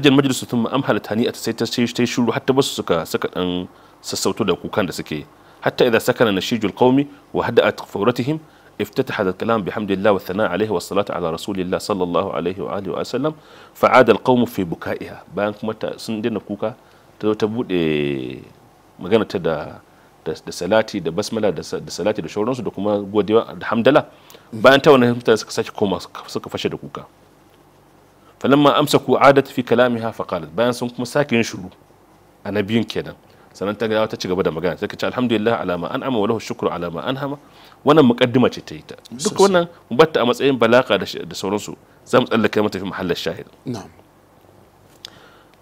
jan majalisu tun ma'am halittani a sai ta yi shuru hatta basu suka saka ɗan sassauto da kukan da suke hatta idan sakana na shijul qaumi wa hada a fawratihim افتتح الكلام بحمد الله والثناء عليه والصلاة على رسول الله صلى الله عليه وآله وسلم فعاد القوم في بكائها بانك متى سندنا كوكا تبود magana ta da salati da basmala da salati da shauransu da kuma godiya da hamdala bayan ta wannan mutane suka sake koma suka fashe da kuka falamma amsaku adat fi kalamiha fa qalat bayan sun kuma sake yin shuru annabiyin kenan sannan ta ga ta ci gaba da magana take ce alhamdulillah ala ma an'ama wa lahu shukru ala ma anhama wannan mukaddima ce ta yi ta duk wannan mu batta a matsayin balaka da sauransu za mu tsallaka mata fi mahallar shahid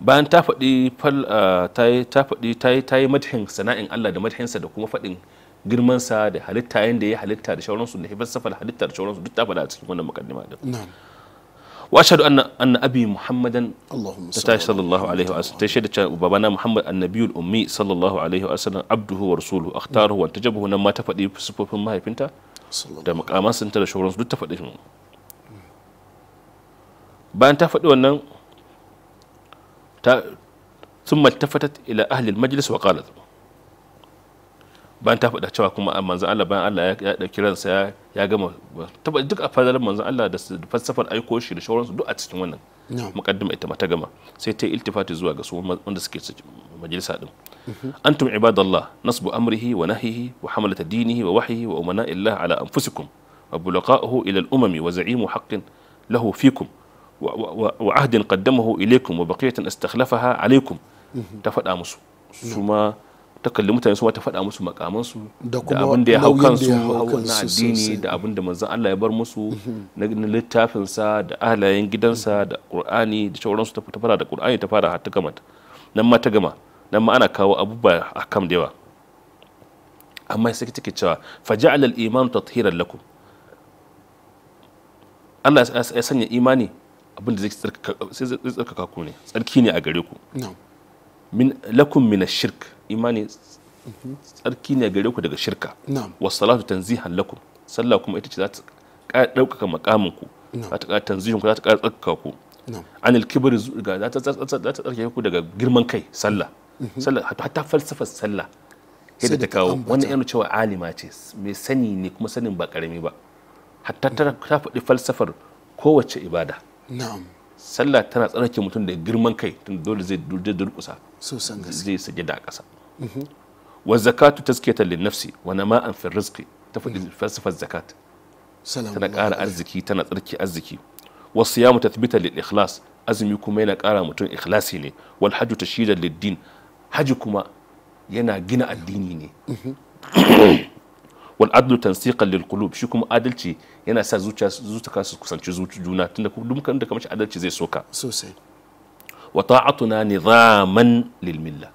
bayan ta faɗi ah, ta faɗi ta yi ta yi madhin sana'in Allah da madhinsa da kuma faɗin girmansa da halitta yadda ya halitta da sauransu da hifar safar halitta da sauransu duk ta faɗa a cikin wannan mukaddima din wa ashhadu anna anna muhammadan ta tashi sallallahu alaihi wa sallam ta shaida cewa babana muhammad annabiyul ummi sallallahu alaihi wa sallam abduhu wa rasuluhu akhtaruhu wa tajabuhu nan ma ta faɗi da mukaman sunta da shauransu duk ta faɗi shi bayan ta faɗi wannan ta sun mattafatat ila ahli majlis wa qalat bayan ta faɗa cewa kuma manzan Allah bayan Allah ya ɗauki ransa ya gama tabbata duk a fadalar manzan Allah da falsafar aiko shi da shauransu duk a cikin wannan muqaddima ita ta gama sai ta yi iltifati zuwa ga su wanda suke majalisa din mhm. antum ibadallah nasbu amrihi wa nahihi wa hamalata dinihi wa wahyihi wa umana illah ala anfusikum wa bulaqahu ila al-umami wa za'imu haqqin lahu fikum wa ahdin qaddamahu ilaykum wa baqiyatan istakhlafaha alaykum mhm. ta faɗa musu suma ta kalli mutane su ta faɗa musu makamansu da abin da ya hau kansu na addini da abin da manzon Allah ya bar musu mhm. na littafinsa da ahalayen gidansa mhm. da Qur'ani da shauransu ta fara da Qur'ani ta fara har ta gama nan ma ta gama nan ma ana kawo abubuwa kam da yawa amma sai take cewa faja'al al-iman tathiran lakum Allah ya sanya imani abin da zai tsarkaka ku ne tsarki ne a gare ku lakum min ashirk imani tsarki ne gare ku daga shirka wa salatu tanzihan lakum sallah kuma ita ce za ta ƙara ɗaukaka makamin ku za ta ƙara tanzihin ku za ta ƙara tsarkaka ku anil kibir za ta tsarkake ku daga girman kai sallah mhm. sallah hatta falsafar sallah yadda ta kawo wannan yana cewa alima ce mai sani ne kuma sanin ba karami ba hatta ta faɗi falsafar kowace ibada na'am sallah tana tsarake mutum da girman kai tun dole zai durkusa zai sajada a ƙasa mm-hmm. wa zakatu tazkiyatan lin nafsi wa an fi rizqi ta faɗi mm-hmm. falsafar zakat tana ƙara arziki tana tsarki arziki wa siyamu tathbita lil ikhlas azumi kuma yana ƙara mutum ikhlasi ne wal hajju tashidan lid din haji kuma yana gina addini ne mm-hmm. wal adlu tansiqan lil qulub shi kuma adalci yana sa zuciya zuciya su kusanci juna tunda dukkan da kamar adalci zai soka sosai wa ta'atuna nizaman lil milla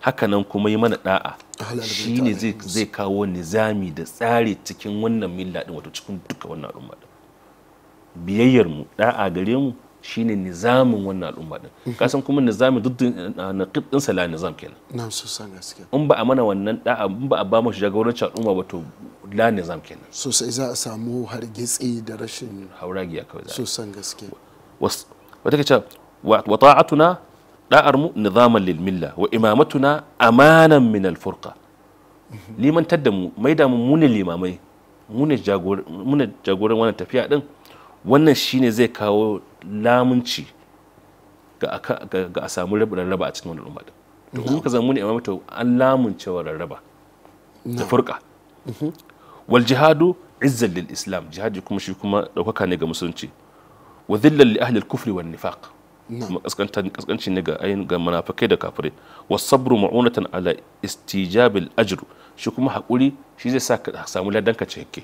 hakanan kuma yi mana da'a shi ne zai kawo nizami da tsari cikin wannan milla din wato cikin duka wannan al'umma biyayyar mu da'a gare mu shine nizamin wannan al'umma din mhm. kasan kuma nizamin duk naqib din sala nizam kenan na'am sosai gaske. in ba a mana wannan da in ba a ba mu jagorancin al'umma ba to la nizam kenan sosai za a samu hargitsi da rashin hauragiya kawai za sosan gaskiya wata kace wa ta'atuna da'ar mu nizaman lil milla wa imamatuna amanan min al furqa mhm. limantar da mu maida mu mune limamai mune jagoran wannan tafiya din wannan shine zai kawo lamunci ga a samu rarraba a cikin wani al'umma to kuma ka zama ne imama to an lamunce wa rarraba da furka mhm. wal jihadu izzal lil islam jihadi kuma shi kuma daukaka ne ga musulunci wa dhillal li ahli al kufri wan nifaq kuma kaskanci ne ga ayin ga munafikai da kafirai was sabru ma'unatan ala istijabil ajru shi kuma hakuri shi zai sa ka samu ladan ka cikakke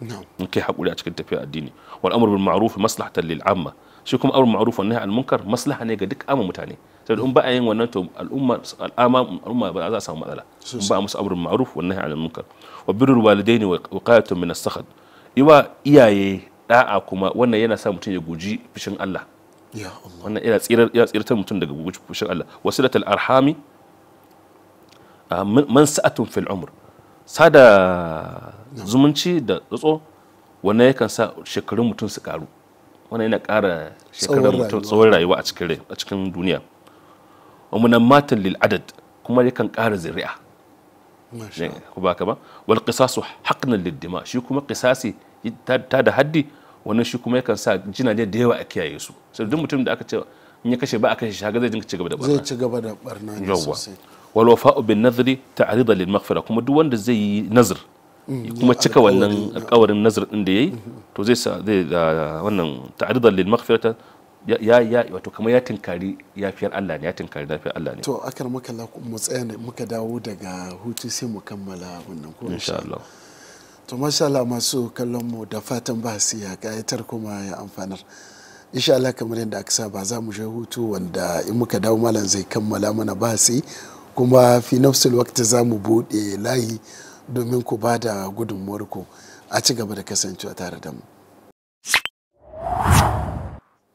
in kai haƙuri a cikin tafiya addini wal amru bil ma'ruf maslahatan lil amma shi kuma amru ma'ruf wan nahy al munkar maslaha ne ga duk amma mutane saboda in ba a yin wannan to al'umma al'umma ba za a samu matsala in ba a musu amru ma'ruf wan nahy al munkar wa birrul walidaini wa wiqayatun min as-sakhab iwa iyaye da'a kuma wannan yana sa mutum ya guji fishin Allah wannan yana tsirar ya tsirtar mutum daga guji fishin Allah wasilatul arhami ah, man sa'atun fil umr sada zumunci da tsotso wannan yakan sa shekarun mutum su karu wannan yana ƙara shekarun mutum tsawon rayuwa a cikin duniya wa matan lil adad kuma yakan ƙara zuri'a ko ba ka ba wal qisasu haqqan lid dima shi kuma qisasi ta da haddi wannan shi kuma yakan sa jinaje da yawa a kiyaye su sai duk mutum da aka ce in ya kashe ba aka kashe shi haka zai dinga ci gaba da barna zai ci gaba da barna ne sosai wal wafa'u bin nadri ta'rida lil maghfira kuma duk wanda zai yi nazr kuma cika wannan alkawarin nazar din da yayi to zai sa zai wannan ta'aridan lil maghfirata ya ya wato kamar ya tinkari yafiyar Allah ne ya tinkari yafiyar Allah ne to akar muka la mu tsaya ne muka dawo daga hutu sai mu kammala wannan ko insha Allah to masha Allah masu kallon mu da fatan ba su ya gayatar kuma ya amfanar insha Allah kamar yadda aka saba za mu je hutu wanda in muka dawo malam zai kammala mana bahasi kuma fi nafsul waqti za mu bude layi domin ku ba da gudunmuwarku a ci gaba da kasancewa tare da mu.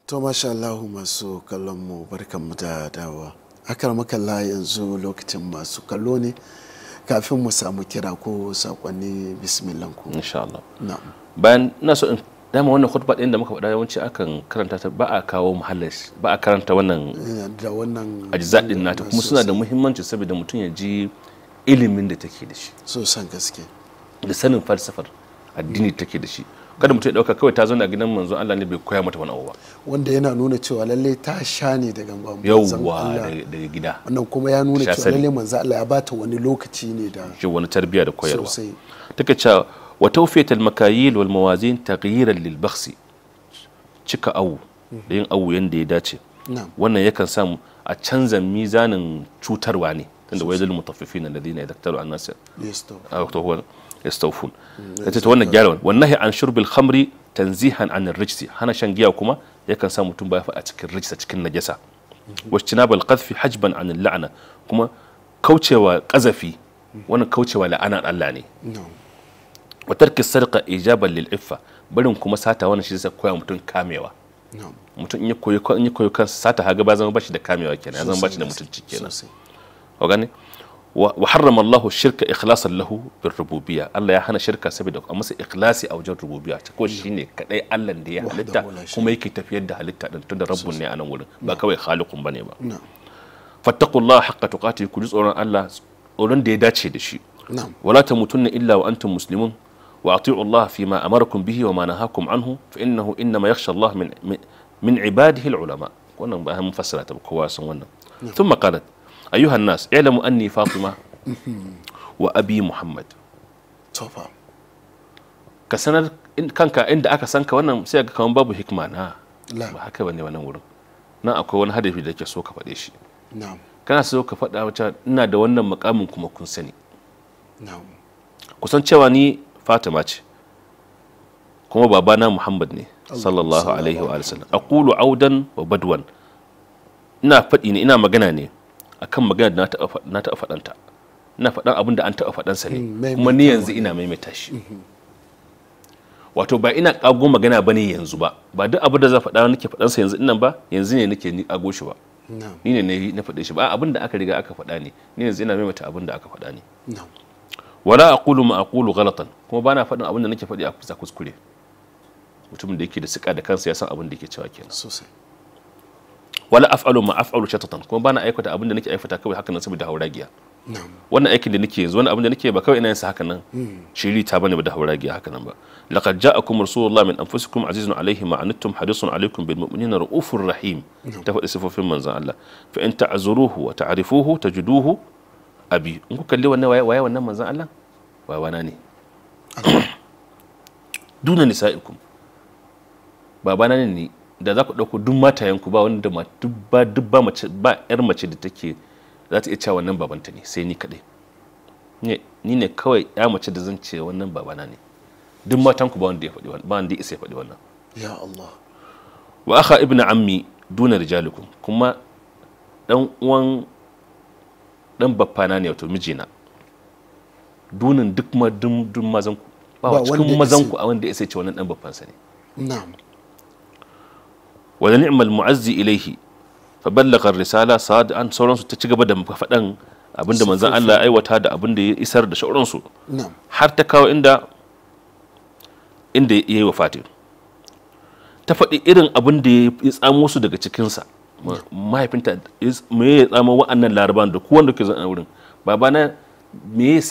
To masha Allahu masu kallon mu barkan mu da dawa. Akar makalla yanzu lokacin masu kallo ne kafin mu samu kira ko sakonni bismillah ku. Insha Allah. Na'am. Bayan na so dama wannan khutba din da muka faɗa yawanci akan karanta ta ba a kawo muhallis ba a karanta wannan da wannan ajza nata kuma suna da muhimmanci saboda mutum ya ji ilimin da take da shi so san gaske da sanin falsafar addini take da shi kada mutum ya dauka kawai ta zauna a gidan manzon Allah ne bai koya mata wani abu ba wanda yana nuna cewa lalle ta sha ne daga manzon Allah daga gida wannan kuma ya nuna cewa lalle manzon Allah ya bata wani lokaci ne da shi wani tarbiya da koyarwa take cewa wa tawfiyat al makayil wal mawazin taghyiran lil bakhsi cika awu da mhm. yin awu yanda ya dace wannan yakan samu a canza mizanin cutarwa ne tunda wai lil mutaffifin alladhina idza iktalu an-nas yastawfun yastawfun yace to wannan gyara wannan wannahi an shurbil khamri tanzihan an rijsi hana shan giya kuma yakan sa mutum baya a cikin rijsa cikin najasa wajtinabal qadhfi hajban an al-la'na kuma kaucewa qazafi wannan kaucewa la'ana Allah ne wa tarki sarqa ijaban lil iffa barin kuma sata wannan shi zai koya mutum kamewa mutum in ya koyi kansa sata haga ba zama bashi da kamewa kenan ya zama bashi da mutunci kenan وغني وحرم الله الشرك اخلاصا له بالربوبيه الله يا حنا شركه سبدك اما سي اخلاصي او جر ربوبيه تكو نعم. شيني كداي الله دي حالتا كما يكي تفيد ده دن تند رب انا ولن نعم. با كوي خالق بني با نعم. فاتقوا الله حق تقاته كل جزء من الله ولن دي داتشي دشي ولا تموتن الا وانتم مسلمون واطيعوا الله فيما امركم به وما نهاكم عنه فانه انما يخشى الله من من عباده العلماء وانا مفسرات بكواس وانا ثم قالت ayyuhan nas ilamu anni fatima wa abi muhammad ka sanar kanka inda aka san ka wannan sai ga kaman babu hikma na ba haka bane wannan wurin nan akwai wani hadafi da ke so ka faɗe shi kana so ka fada wata ina da wannan mukamin kuma kun sani kusan cewa ni fatima ce kuma babana muhammad ne sallallahu alaihi wa sallam aqulu audan wa badwan ina fadi ne ina magana ne akan magana da na taɓa faɗanta ina faɗan abin da an taɓa faɗansa ne hmm, kuma ni yanzu ina maimaita shi hmm, hmm. wato ba ina ƙago magana ba ne yanzu ba ba duk abin da za faɗa nake faɗansa yanzu ɗin ba yanzu ne nake ni ƙago shi ba ni ne na faɗe shi ba abin da aka riga aka faɗa ne ni yanzu ina maimaita abin da aka faɗa ne wala aqulu ma aqulu ghalatan kuma bana faɗin abin da nake faɗi a kuskure mutumin da yake da siƙa da kansa ya san abin da yake cewa kenan sosai wala af'alu ma af'alu shatatan kuma bana aikata abin da nake aikata kawai haka nan saboda hauragiya wannan aikin da nake yanzu wannan abinda da nake ba kawai ina yin sa haka nan hmm. shiri ta bane ba da hauragiya haka nan ba laqad ja'akum rasulullah min anfusikum azizun alayhi ma anattum hadisun alaykum bil mu'minina raufur rahim ta faɗi sifofin manzon Allah fa in ta'zuruhu wa ta'rifuhu tajiduhu abi in ku kalli wannan waye waye wannan manzon Allah waye wana ne duna nisa'ikum babana ne ni da za ku ɗauko duk matayenku ba wanda ba duk mace ba yar mace da take za ta iya cewa wannan babanta ne sai ni kaɗai ni ne kawai ya mace da zan ce wannan babana ne duk matanku ba wanda ya faɗi wannan ba wanda ya isa ya faɗi wannan ya Allah wa akha ibnu ammi duna rijalukum kuma dan uwan dan baffana ne wato mijina dunin duk ma dun mazan ku ba cikin mazan ku a wanda ya sai ce wannan dan baffansa ne na'am wa ni'mal mu'azzi ilaihi fa ballagha risala sa'ad an sauransu ta ci gaba da faɗan abinda manzon Allah ya aiwata da abinda ya isar da su har ta kawo inda inda ya yi wafatin ta faɗi irin abinda ya tsamo su daga cikinsa mahaifinta me ya tsamo wa'annan laraban da ku wanda ke zan wurin babana me ya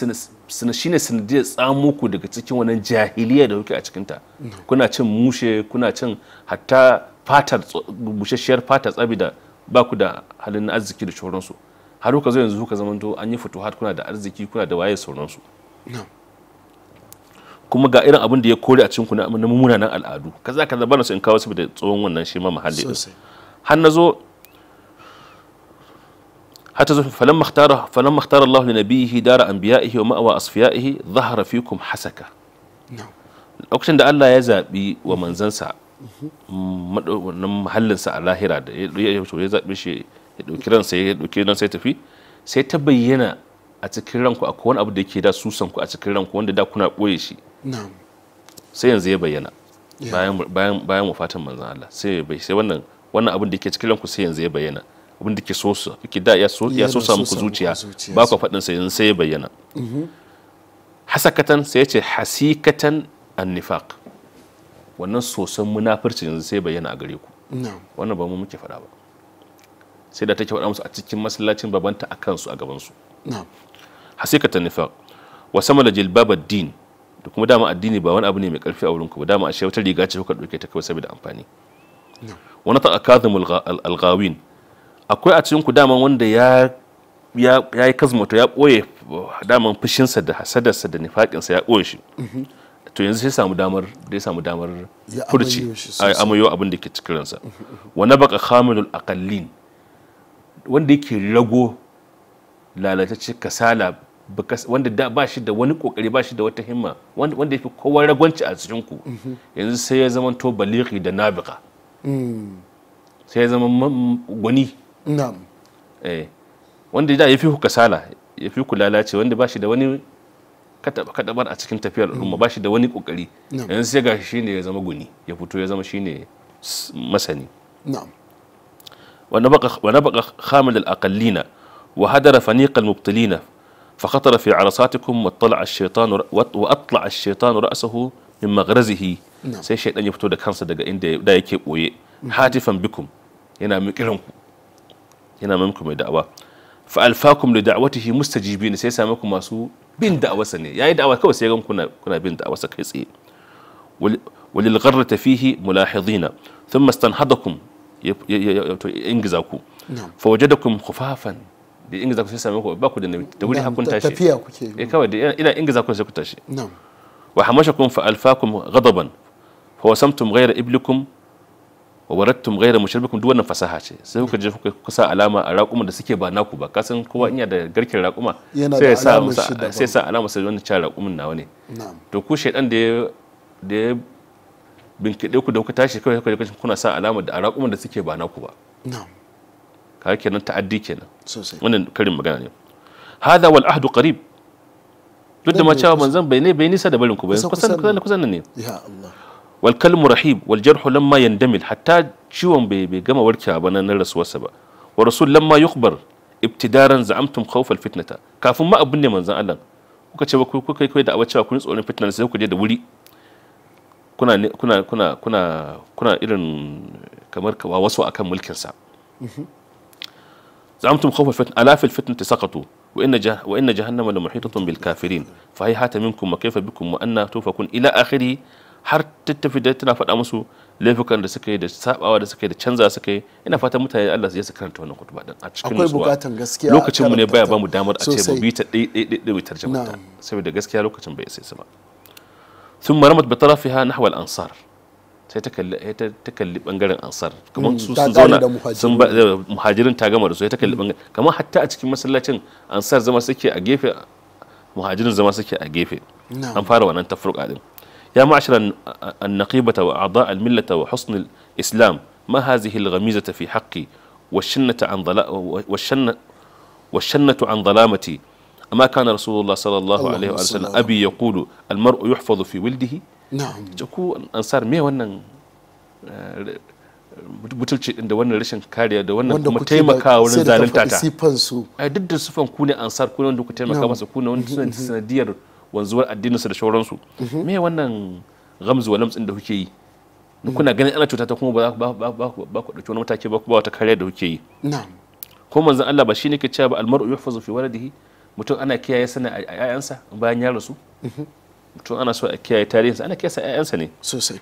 suna shine sanadiyar tsamo ku daga cikin wannan jahiliya da kuke a cikinta kuna cin mushe kuna cin hatta fatar bushasshiyar fata tsabi da ba ku da halin na arziki da sauransu har ka zo yanzu zama to an yi har kuna da arziki kuna da waye sauransu kuma ga irin abin da ya kore a cikin na munanan al'adu kaza kaza bana su in kawo su da tsohon wannan shi ma mahalli har na zo حتى فلما اختار فلما اختار الله لنبيه دار انبيائه ومأوى اصفيائه ظهر فيكم حسكه نعم hasaka lokacin da Allah ya zaɓi wa manzansa wannan muhallinsa a lahira da ya zaɓe shi ya ɗauki ransa ya ɗauki ransa ya tafi sai ta bayyana a cikin ranku a wani abu da yake da susan ku a cikin ranku wanda da kuna ɓoye shi sai yanzu ya bayyana bayan bayan fatan manzon Allah sai sai wannan wannan abin da yake cikin ranku sai yanzu ya bayyana abin da ke so su yake da ya so sa muku zuciya ba ku faɗin sai yanzu sai ya bayyana mm-hmm. hasakatan sai ya ce hasikatan an-nifaq wannan sosan munafurci yanzu sai bayyana a gare ku wannan ba mu muke fada ba sai da take faɗa musu a cikin masallacin babanta a kansu a gabansu hasikatan nifaq wa sama da jilbab din da kuma dama addini ba wani abu ne mai karfi a wurin ku ba dama a wata riga ce kuka ɗauke ta kawai saboda amfani wani ta akazimul alghawin akwai a cikin ku dama wanda ya ya yi kazmoto ya ɓoye daman fushinsa da hasadarsa da sa ya ɓoye shi mhm. to yanzu sai samu damar dai samu damar furci amayo abin da ke cikin ransa wani baka hamilul akallin wanda yake rago lalatacce kasala wanda da ba shi da wani kokari ba shi da wata himma wanda ya fi kowa ragwanci a cikin ku yanzu sai ya zama to baliki da nabiqa mm. sai ya zama gwani eh, wanda da ya fi ku kasala ya fi ku lalace wanda ba shi da wani kadabar a cikin tafiyar mm. al'umma ba shi da wani kokari yanzu sai ga shi ne ya zama guni ya fito ya zama shine masani ونبق خامل الأقلين وهدر فنيق المبطلين فخطر في عرصاتكم wa الشيطان وأطلع الشيطان رأسه من مغرزه sai shaidan ya fito da kansa daga inda da yake boye mm-hmm. hatifan bikum yana mikirin ku yana mai da'awa fa alfakum li da'watihi mustajibin sai same ku masu bin da'awarsa ne yayi da'awa kawai sai gan kuna kuna bin da'awarsa kai tsaye walil gharrata fihi mulahidina kun ya ingiza ku fa kun kufafan da ingiza ku sai sami ku ba ku da da wuri hakun tashi tafiya kuke eh kawai da ina ingiza ku sai ku tashi na'am wa kun fa alfakum gadaban fa wasamtum ghayra iblikum wa warattum ghayra mushribikum duk wannan fasaha ce sai kuka je kuka sa alama a raƙuman da suke ba naku ba kasan kowa in da garkin raƙuma sai sa sai sa alama sai wannan cha raƙumin nawa ne to ku shedan da ya da ya binkide ku da kuka tashi kawai kuka kuna sa alama da raƙuman da suke ba naku ba ka kenan ta'addi kenan wannan karin magana ne hada wal ahdu qarib duk da ma cewa manzon bai ne bai nisa da barin ku bai kusan kusan ne ya Allah والكلم رحيب والجرح لما يندمل حتى شوان بيقام وركا بنا نرس وسبا ورسول لما يخبر ابتدارا زعمتم خوف الفتنة كافو ما أبني من زعلا لن كوي كوي كوي دعوة شوا كونيس أولين فتنة لسيوكو جيدا ولي كنا كنا كنا كنا كنا إلن كمرك ووسوا أكام ملكن سعب زعمتم خوف الفتنة ألاف الفتنة سقطوا وإن جه وإن جهنم لمحيطة بالكافرين فهي هات منكم وكيف بكم وأن توفكون إلى آخره har ta tafi da tana faɗa musu laifukan da suka yi da sabawa da suka yi da canza suka yi ina fatan mutane Allah zai su karanta wannan kutuba din a cikin akwai bukatan gaskiya lokacin mu ne baya mu damar a ce mu bi ta dai dai dai mu tarjuma ta saboda gaskiya lokacin bai sai ba thumma ramat bi tarafiha nahwa al ansar sai ta kalli ta kalli bangaren ansar kamar mm, su sun zauna sun eh, muhajirin ta gama da su sai ta kalli bangaren mm. kamar hatta a cikin masallacin ansar zama suke a gefe muhajirin zama suke a gefe an fara wannan tafruqa din يا معشر النقيبة وأعضاء الملة وحصن الإسلام ما هذه الغميزة في حقي والشنة عن والشنة والشنة عن ظلامتي أما كان رسول الله صلى الله, الله عليه وسلم أبي يقول المرء يحفظ في ولده نعم جكو أنصار مي ونن butulci da wannan rashin kariya da wannan kuma taimaka wurin zalunta ta duk da sufan ku ne ansar ku ne wanda ku taimaka masa ku ne wanda wanzuwar addininsu da shauransu mhm. me wannan gamzu wa lamtsin da kuke yi kuna ganin ana cuta ta kuma ba ba ku dauki wani mataki ba ku ba wata kariya da kuke yi kuma ko manzon Allah ba shine ke cewa ba almar'u yuhfazu fi waladihi mutum ana kiyaye sana a ƴaƴansa bayan ya rasu mhm. mutum ana so a kiyaye tarihinsa ana kiyaye ƴaƴansa ne sosai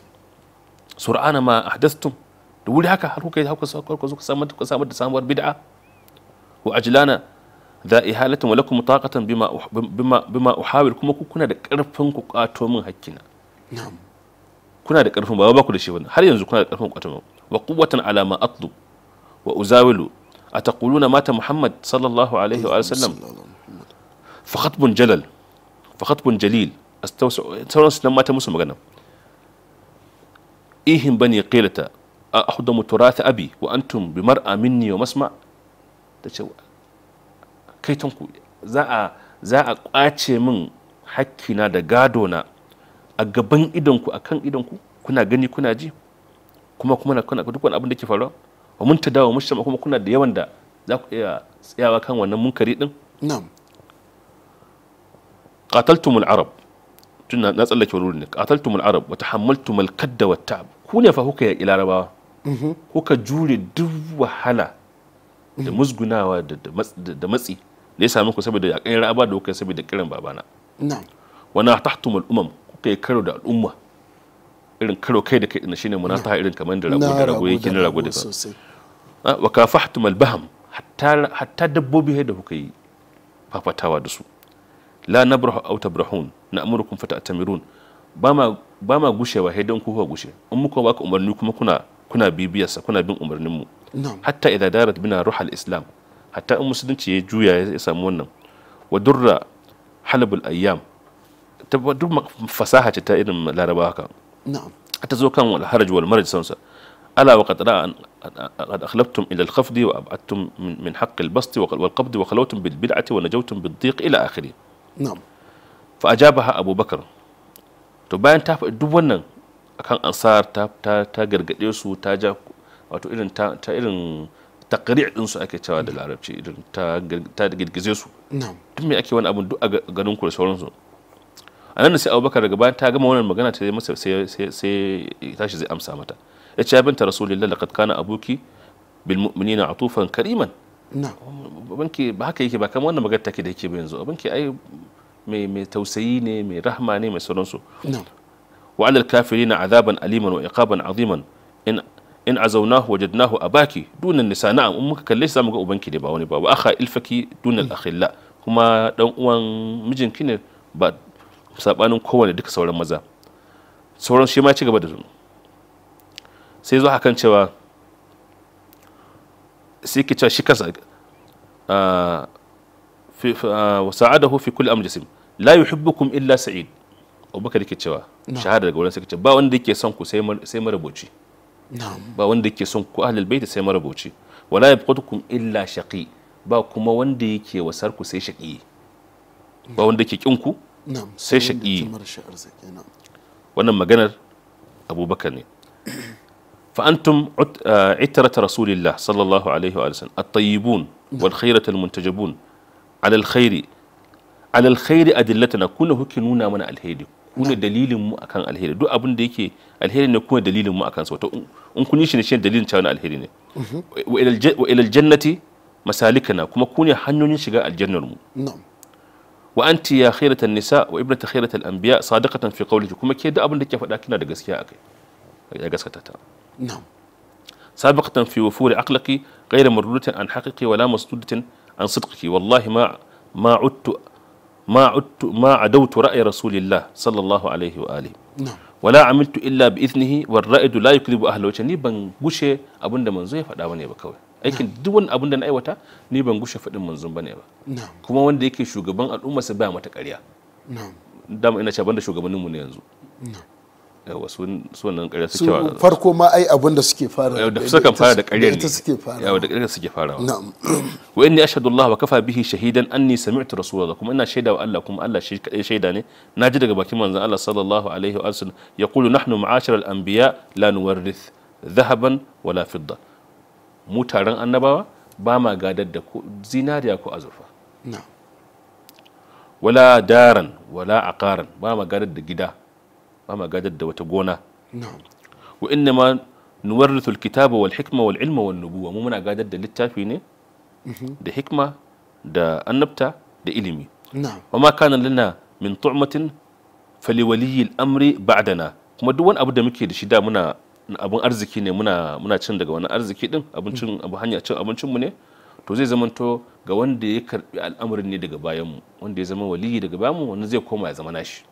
sur'ana ma ahdathtum da wuri haka har kuka yi haka ku samar da samuwar bid'a wa ajlana za ihalatin walakum mutaqatan bima bima bima uhawil kuma ku kuna da karfin ku kwato min hakkina na'am kuna da karfin ba ba ku da shi bane har yanzu kuna da karfin kwato min wa quwwatan ala ma atlu wa uzawilu ataquluna mata muhammad sallallahu alaihi wa sallam fa khatbun jalal fa khatbun jalil astawsa sauran su nan mata musu magana ihin bani qilata a ahdamu turath abi wa antum bi mar'a minni wa masma tace kaiton za a za a kwace min hakkina da gado na a gaban idonku a kan idonku kuna gani kuna ji kuma kuma kuna duk wani abin da ke faruwa wa mun ta dawo mushama kuma kuna da yawan da za ku iya tsayawa kan wannan munkari din na'am qataltumul arab tun na tsallake wurin ne qataltumul arab wa tahammaltumul kadda wat ta'ab ku ne fa kuka ya ilarabawa mhm. kuka jure duk wahala da musgunawa da matsi da ya sami ku saboda a kayan raba da kuka saboda kiran babana wani tahtum al'umam kuka yi karo da al'umma irin karo kai da kai na shine ta irin kamar da rago da rago yake na rago da ka ah, wa kafahtum al-baham hatta hatta dabbobi da kuka yi fafatawa da su la nabrahu aw tabrahun na'murukum fata'tamirun ba ma ba ma gushewa haidan ku gushe in muka ba ka umarni kuma kuna kuna bibiyarsa kuna bin umarnin mu hatta idan darat bina ruhal islam hatta in musulunci ya juya ya samu wannan wa durra halabul ayyam ta duk fasaha ce ta irin laraba haka ta zo kan wal haraj wal maraj sansa ala wa qad ra'a qad akhlaftum ila al khafdi wa ab'adtum min haqq al basti wal qabd wa khalawtum bil bid'ati wa najawtum bid dhiq ila akhirih na'am fa ajabaha abubakar to bayan ta faɗi duk wannan akan ansar ta ta gargade su ta ja wato irin ta irin takari din su ake cewa da larabci irin ta girgize su duk me ake wani abun duk a garin ku da sauransu a nan sai abubakar daga bayan ta gama wannan magana ta masa sai tashi zai amsa mata ya ce abinta rasulillah laqad kana abuki bil mu'minina atufan kariman banki ba haka yake ba kamar wannan magana take da yake ba yanzu banki ai mai mai tausayi ne mai rahma ne mai sauransu wa alal kafirina azaban aliman wa iqaban aziman in in azaunahu wajadnahu abaki dunan nisa na'am in muka kalle zamu ga ubanki ne ba wani ba wa akha ilfaki dunal akhilla kuma dan uwan mijinki ne ba sabanin kowane duka sauran maza sauran shi ma ci gaba da zunu sai zo hakan cewa sai ki cewa shi kansa wa sa'adahu fi kulli amjisim la yuhibbukum illa sa'id abubakar yake cewa shahada daga wurin sai ce ba wanda yake son ku sai maraboci ba wanda yake son ku ahlul baiti sai marabauci wala yabqutukum illa shaqi ba kuma wanda yake wasar ku sai shaqi ba wanda yake kin ku sai shaqi wannan maganar abubakar ne فأنتم عترة رسول الله صلى wal عليه وآله وسلم الطيبون والخيرة المنتجبون على الخير على الخير أدلتنا كنا هكي نونا من الهيدي kuna dalilin mu akan alheri duk abin da yake alheri ne kuma dalilin mu akan sa wato in kun yi shi ne shi dalilin cewa na alheri ne mhm. wa ilal jannati masalikana kuma ku ne hanyoyin shiga aljannar mu wa anti ya khairatan nisa wa ibrata khairatal anbiya sadiqatan fi qawliki kuma ke da abin da ke faɗa kina da gaskiya akai ya gaskata ta na'am سابقة في وفور عقلك غير مردودة an حقك wala مسدودة an صدقك والله ma ما عدت ma adautu ra'ayi rasulillah sallallahu alaihi wa alihi wala amiltu illa bi ithnihi war ra'idu la ahla wajhi ni ban gushe abinda manzo ya faɗa bane ba kawai aikin duk wani abin da na aiwata ni ban gushe faɗin manzon bane ba kuma wanda yake shugaban al'umma sai ba mata ƙarya dama ina cewa banda shugabanninmu ne yanzu yawa su wannan ƙarya suke fara. farko ma ai abin da suke fara da suka fara da ƙaryar ne suke fara yawa da ƙaryar suke fara na'am wa inni ashhadu Allah wa kafa bihi shahidan anni sami'tu rasulullah kuma ina shaida wa Allah kuma Allah shi kadai shaida ne naji daga bakin manzon Allah sallallahu alaihi wa sallam yaqulu nahnu ma'ashar al-anbiya la nuwarrith dhahaban wala fidda mu taron annabawa ba ma gadar da zinariya ko azurfa na'am wala daran wala aqaran ba ma gadar da gida ba ma gadar da wata gona wa inna ma nuwarrithu alkitaba wal hikma wal ilma wan nubuwa mu muna gadar da littafi ne mm-hmm. da hikma da annabta da ilimi wa ma kana lana min tu'matin faliwaliyi al'amri ba'dana kuma duk wani abu da muke da shi da muna abun arziki ne muna cin daga wani arziki din abincin mm. abu hanya cin abincin mu ne to zai zamanto ga wanda ya karbi al'amarin ne daga bayan wanda ya zama waliyi daga bayanmu mu zai koma ya zamana nashi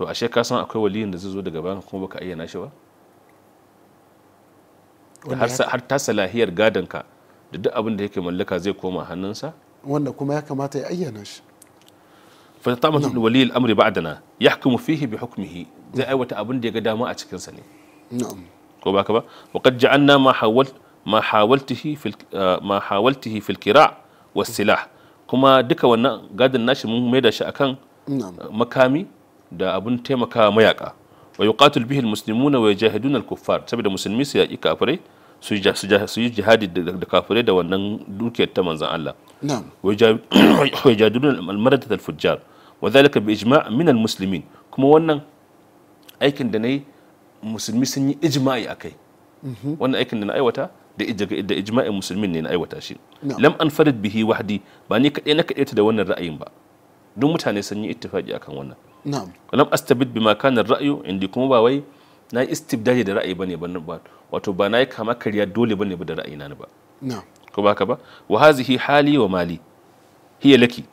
to ashe ka san akwai waliyin da zai zo daga bayan kuma baka ayyana shi ba har ta salahiyar gadonka da duk abin da yake mallaka zai koma hannunsa wanda kuma ya kamata ya ayyana shi fatatama tabin waliyi al'amri adana ya hukumu fihi bi hukmihi zai aiwata abin da ya ga dama a cikinsa ne ko baka ba wa qad ja'alna ma hawal ma hawaltihi fil eh, ma hawaltihi fil qira' was silah kuma duka wannan gadon nashi mun maida shi akan eh, makami da abun taimakawa mayaka wa yuqatil bihi almuslimuna wa yajahiduna alkuffar saboda musulmi su yaki kafirai su yi jihadi da kafirai da wannan dukiyar ta manzon Allah na'am wa yajaduna almaradat alfujjar wa dhalika bi ijma' min almuslimin kuma wannan aikin da nayi musulmi sun yi ijma'i akai mhm. wannan aikin da na aiwata da ijma'in musulmin ne na aiwata shi lam an farid bihi wahdi ba ni kadai na kadai ta da wannan ra'ayin ba duk mutane sun yi ittifaqi akan wannan na'am lam astabid bima kana ra'yu indi kuma ba wai na istibdali da ra'ayi bane ba wato ba كما kama kariya dole bane ba da ra'ayi na ba na'am ko baka ba wa hazihi hali wa mali hiya laki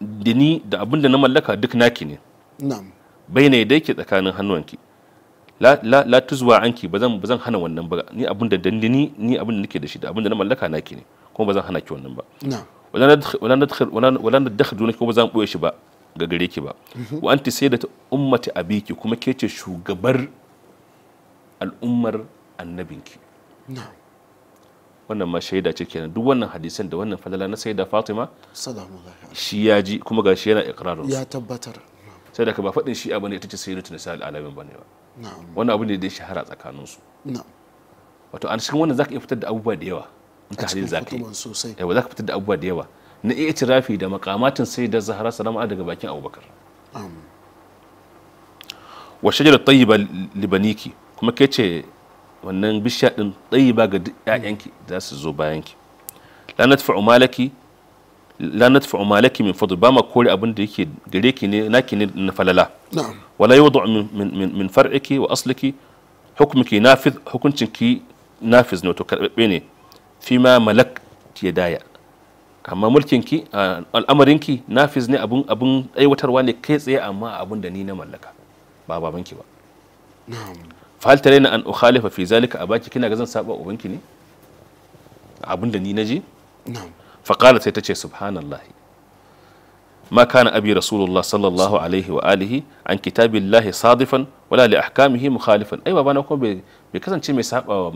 da ni da abin na mallaka duk naki ne na'am bayna yadayki tsakanin hannuwanki la la la hana wannan ba ni abin da dandini ni abin da nake da shi da abin da na mallaka naki ne kuma bazan hana ki wannan ba na'am wala nadkhul wala nadkhul wala nadkhul kuma bazan boye shi ba ga gare ki ba wa anti sai da ummati abiki kuma ke ce shugabar al'ummar annabinki wannan ma shaida ce kenan duk wannan hadisan da wannan falala na sayyida fatima shi ya ji kuma ga shi yana ikrarin ya tabbatar sai da ka ba faɗin shi abu ne ita ce sayyidatu nisa al'alamin bane ba wannan abu ne da ya shahara tsakanin su wato an cikin wannan zaka iya fitar da abubuwa da yawa in ta hadin zaka yi yawa zaka fitar da abubuwa da yawa na itirafi da makamatin sai da zahara salama daga bakin abubakar wa shajar tayyiba libaniki kuma ke ce wannan bishiya din tayyiba ga duk ƴaƴanki za su zo bayanki la nadfa'u malaki la malaki min fadl ba ma kore abin da yake gare ki ne naki ne na falala wala yawdu min min far'iki wa asliki hukmuki nafiz hukuncinki nafiz ne to karbabbe ne fima malak ya daya amma mulkinki al'amarinki nafiz ne abun abun aiwatarwa ne kai tsaye amma abun da ni na mallaka ba babanki ba fahal na an ukhalifa fi zalika abaki kina ga zan saba ubanki ne abun da ni na je faqala sai ta ce ma makana abi rasulullah sallallahu alaihi wa alihi an kitabillahi sadifan wala li ahkamihi mukhalifan ai babana kuma bai kasance mai saba wa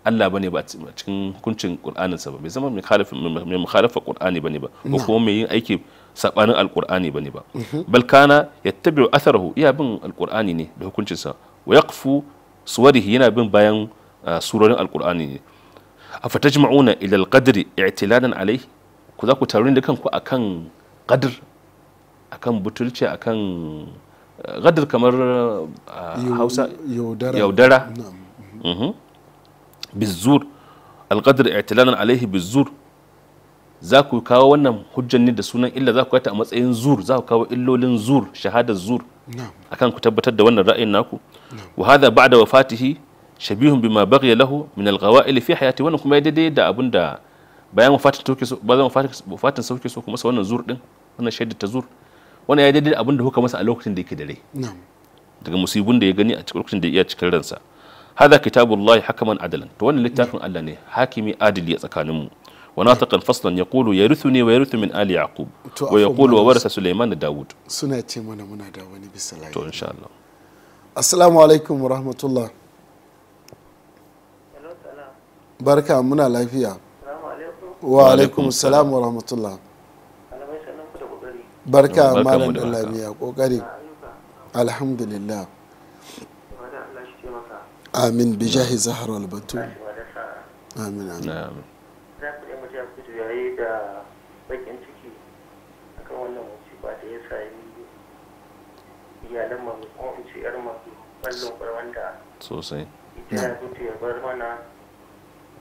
Allah bane ba cikin hukuncin Qur'aninsa ba bai zama mai mukhalafa Qur'ani bane ba ko kuma mai yin aiki sabanin alqur'ani bane ba mhm. bal kana yattabi'u atharahu iya bin alqur'ani ne da hukuncinsa wa yaqfu suwarihi yana bin bayan ah, surorin alqur'ani ne afatajma'una ila alqadri i'tiladan alayhi ku za ku taru da kanku akan qadr akan butulci akan gadar ah, kamar ah, hausa yaudara mhm. bizur alqadar i'tilalan alaihi bizur za ku kawo wannan hujjan ne da sunan illa za ku kai a matsayin zur za ku kawo illolin zur shahadar zur akan ku tabbatar da wannan ra'ayin naku wa hadha ba'da wafatihi shabihun bima baghiya lahu min al-ghawa'il fi hayati wannan kuma ya daidai da abin da bayan wafatin toke so bayan wafatin sauke so kuma wannan zur din wannan shaidar ta zur wannan ya daidai da abin da kuka masa a lokacin da yake da rai daga musibin da ya gani a cikin lokacin da ya iya cikin ransa hadha kitabullahi hakaman adalan to wannan littafin Allah ne hakimi adili a tsakanin mu wa natakan faslan yaqulu yarithuni wa yarithu min ali yaqub wa yaqulu wa warasa sulaiman da daud suna ce mana muna da wani bisalai to insha Allah barka muna lafiya wa alaikum salam barka da lafiya alhamdulillah amin bi jahi zahar albatu amin amin za ku ɗaya mutum ku yayi da baƙin ciki a kan wannan musiba da ya sa yi iyalan mu ko in ce yar mu ballon kwarwan da sosai ita ya gudu ya bar mana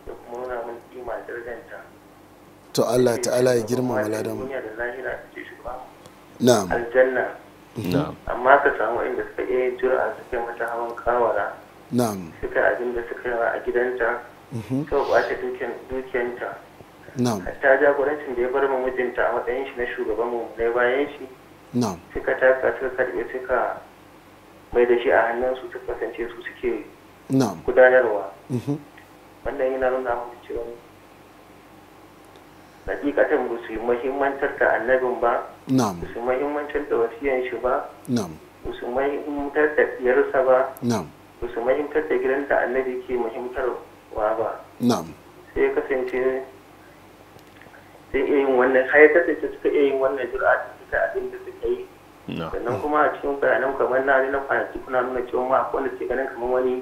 da kuma nuna mun kima da darajanta to Allah ta'ala ya girma girmama ladan mu na'am aljanna na'am amma ka samu inda suka iya jira a cikin mata hawan kawara na'am suka abin da suka yawa a gidanta mhm. suka kwace dukiyanta na'am hatta jagorancin da ya bar mijinta a matsayin shi na shugaban mu na bayan shi na'am suka taka suka karbe suka mai da shi a hannun su suka kasance su suke na'am gudanarwa mhm. wannan yana nuna mu cewa hakikatan ba su yi muhimmancin da annabin ba ba su yi muhimmancin da wasiyan shi ba ba su yi muhimmancin da diyarsa ba ba su mahimtar da gidan da annabi ke mahimtar wa ba sai ya kasance sai iya yin wannan hayatar da suka iya yin wannan jira da suka abin da suka yi sannan kuma a cikin bayanan kamar na na kwanaki kuna nuna cewa ma akwai wanda ke ganin kamar wani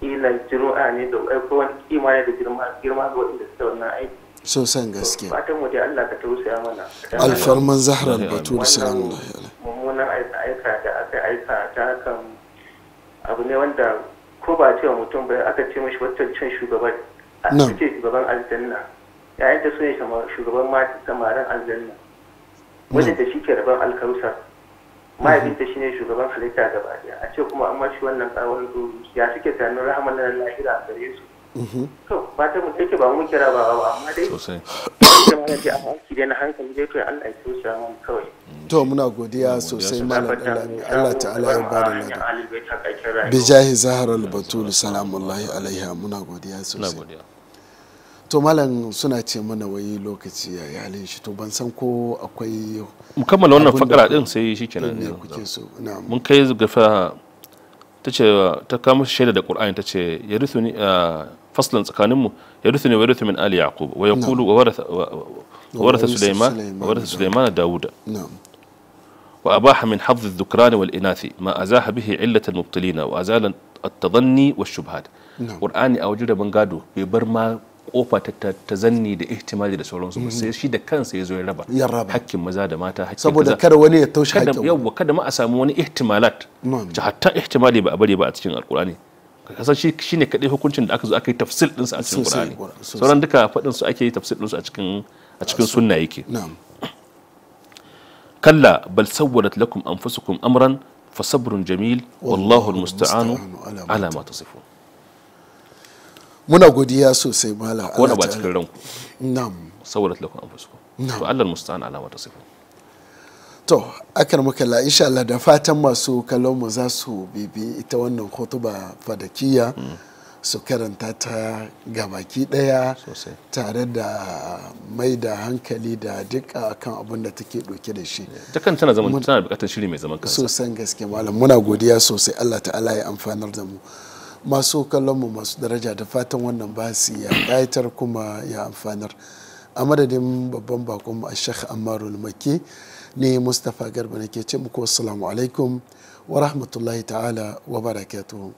kilan jiru'a ne da aiko wani kima ne da girma ga waɗanda suka wannan aiki so san gaske fatan waje Allah ka tausaya mana alfarman zahran batul sallallahu alaihi wasallam mummunan aika da aka aika ta kan abu ne wanda ko ba a ce mutum ba aka ce mashi wancan shugaban a suke shugaban aljanna yayin da suna ne shugaban samarin aljanna wajen da shi ke rabon alkausar mahaifinta mhm. shi ne shugaban halitta gaba daya a ce kuma an mashi wannan tsawon ya suke rahama na lahira a gare su Mm-hmm. to ba ta mutu ce ba mu kira ba ba amma dai sosai kuma na ji amma ki na hankali dai to Allah ya toshe mun kawai mm-hmm. to muna godiya sosai malam dalami Allah ta'ala ya bada lada bijahi zahar al-batul salamullahi alaiha muna godiya sosai to malam suna ce mana wai lokaci ya yalin shi to ban san ko akwai mukammala wannan fakara din sai shi kenan mun kai ga fa ta ce ta kama shaida da qur'ani ta ce ya rithuni faslan tsakanin mu ya rithuni wa rithuni min ali yaqub wa yaqulu wa waratha wa waratha sulaiman wa waratha sulaiman dawuda وأباح من حظ الذكران والإناث ما أزاح به علة المبطلين وأزال التظني والشبهات قرآني أوجد من قادو ببرما kofa ta zanni da ihtimali da sauransu ba mhm. sai shi da kansa ya zo ya raba hakkin maza da mata hakkin saboda kada wani ya taushe hakkin yawwa kada ma a samu wani ihtimalat ta hatta ihtimali ba a bari ba a cikin alkurani kasan shi shine kadai hukuncin da aka zo aka yi tafsil din su a cikin alkurani sauran duka fadin su ake yi tafsil din su a cikin a cikin sunna yake kalla bal sawwalat lakum anfusukum amran fa sabrun jamil wallahu almusta'anu ala ma tasifun muna godiya sosai mala ko na ba cikin ranku na'am saboda abu su to Allah musta'an alama ta sifu to akar muka la insha Allah da fatan masu kallon mu za su bibi ita wannan hotuba fadakiya mm. su karanta ta gabaki daya tare da mai da hankali da duk akan abin da take doke da shi ta kan tana zaman tana bukatar shiri mai zaman kansa sosan gaske malam muna godiya sosai Allah ta'ala ya amfanar da mu masu kallonmu masu daraja da fatan wannan basi ya ƙayatar kuma ya amfanar a madadin babban mu a shekh ammarul maki ne mustapha garba nake ce muku assalamu alaikum wa rahmatullahi ta'ala wa barakatuhu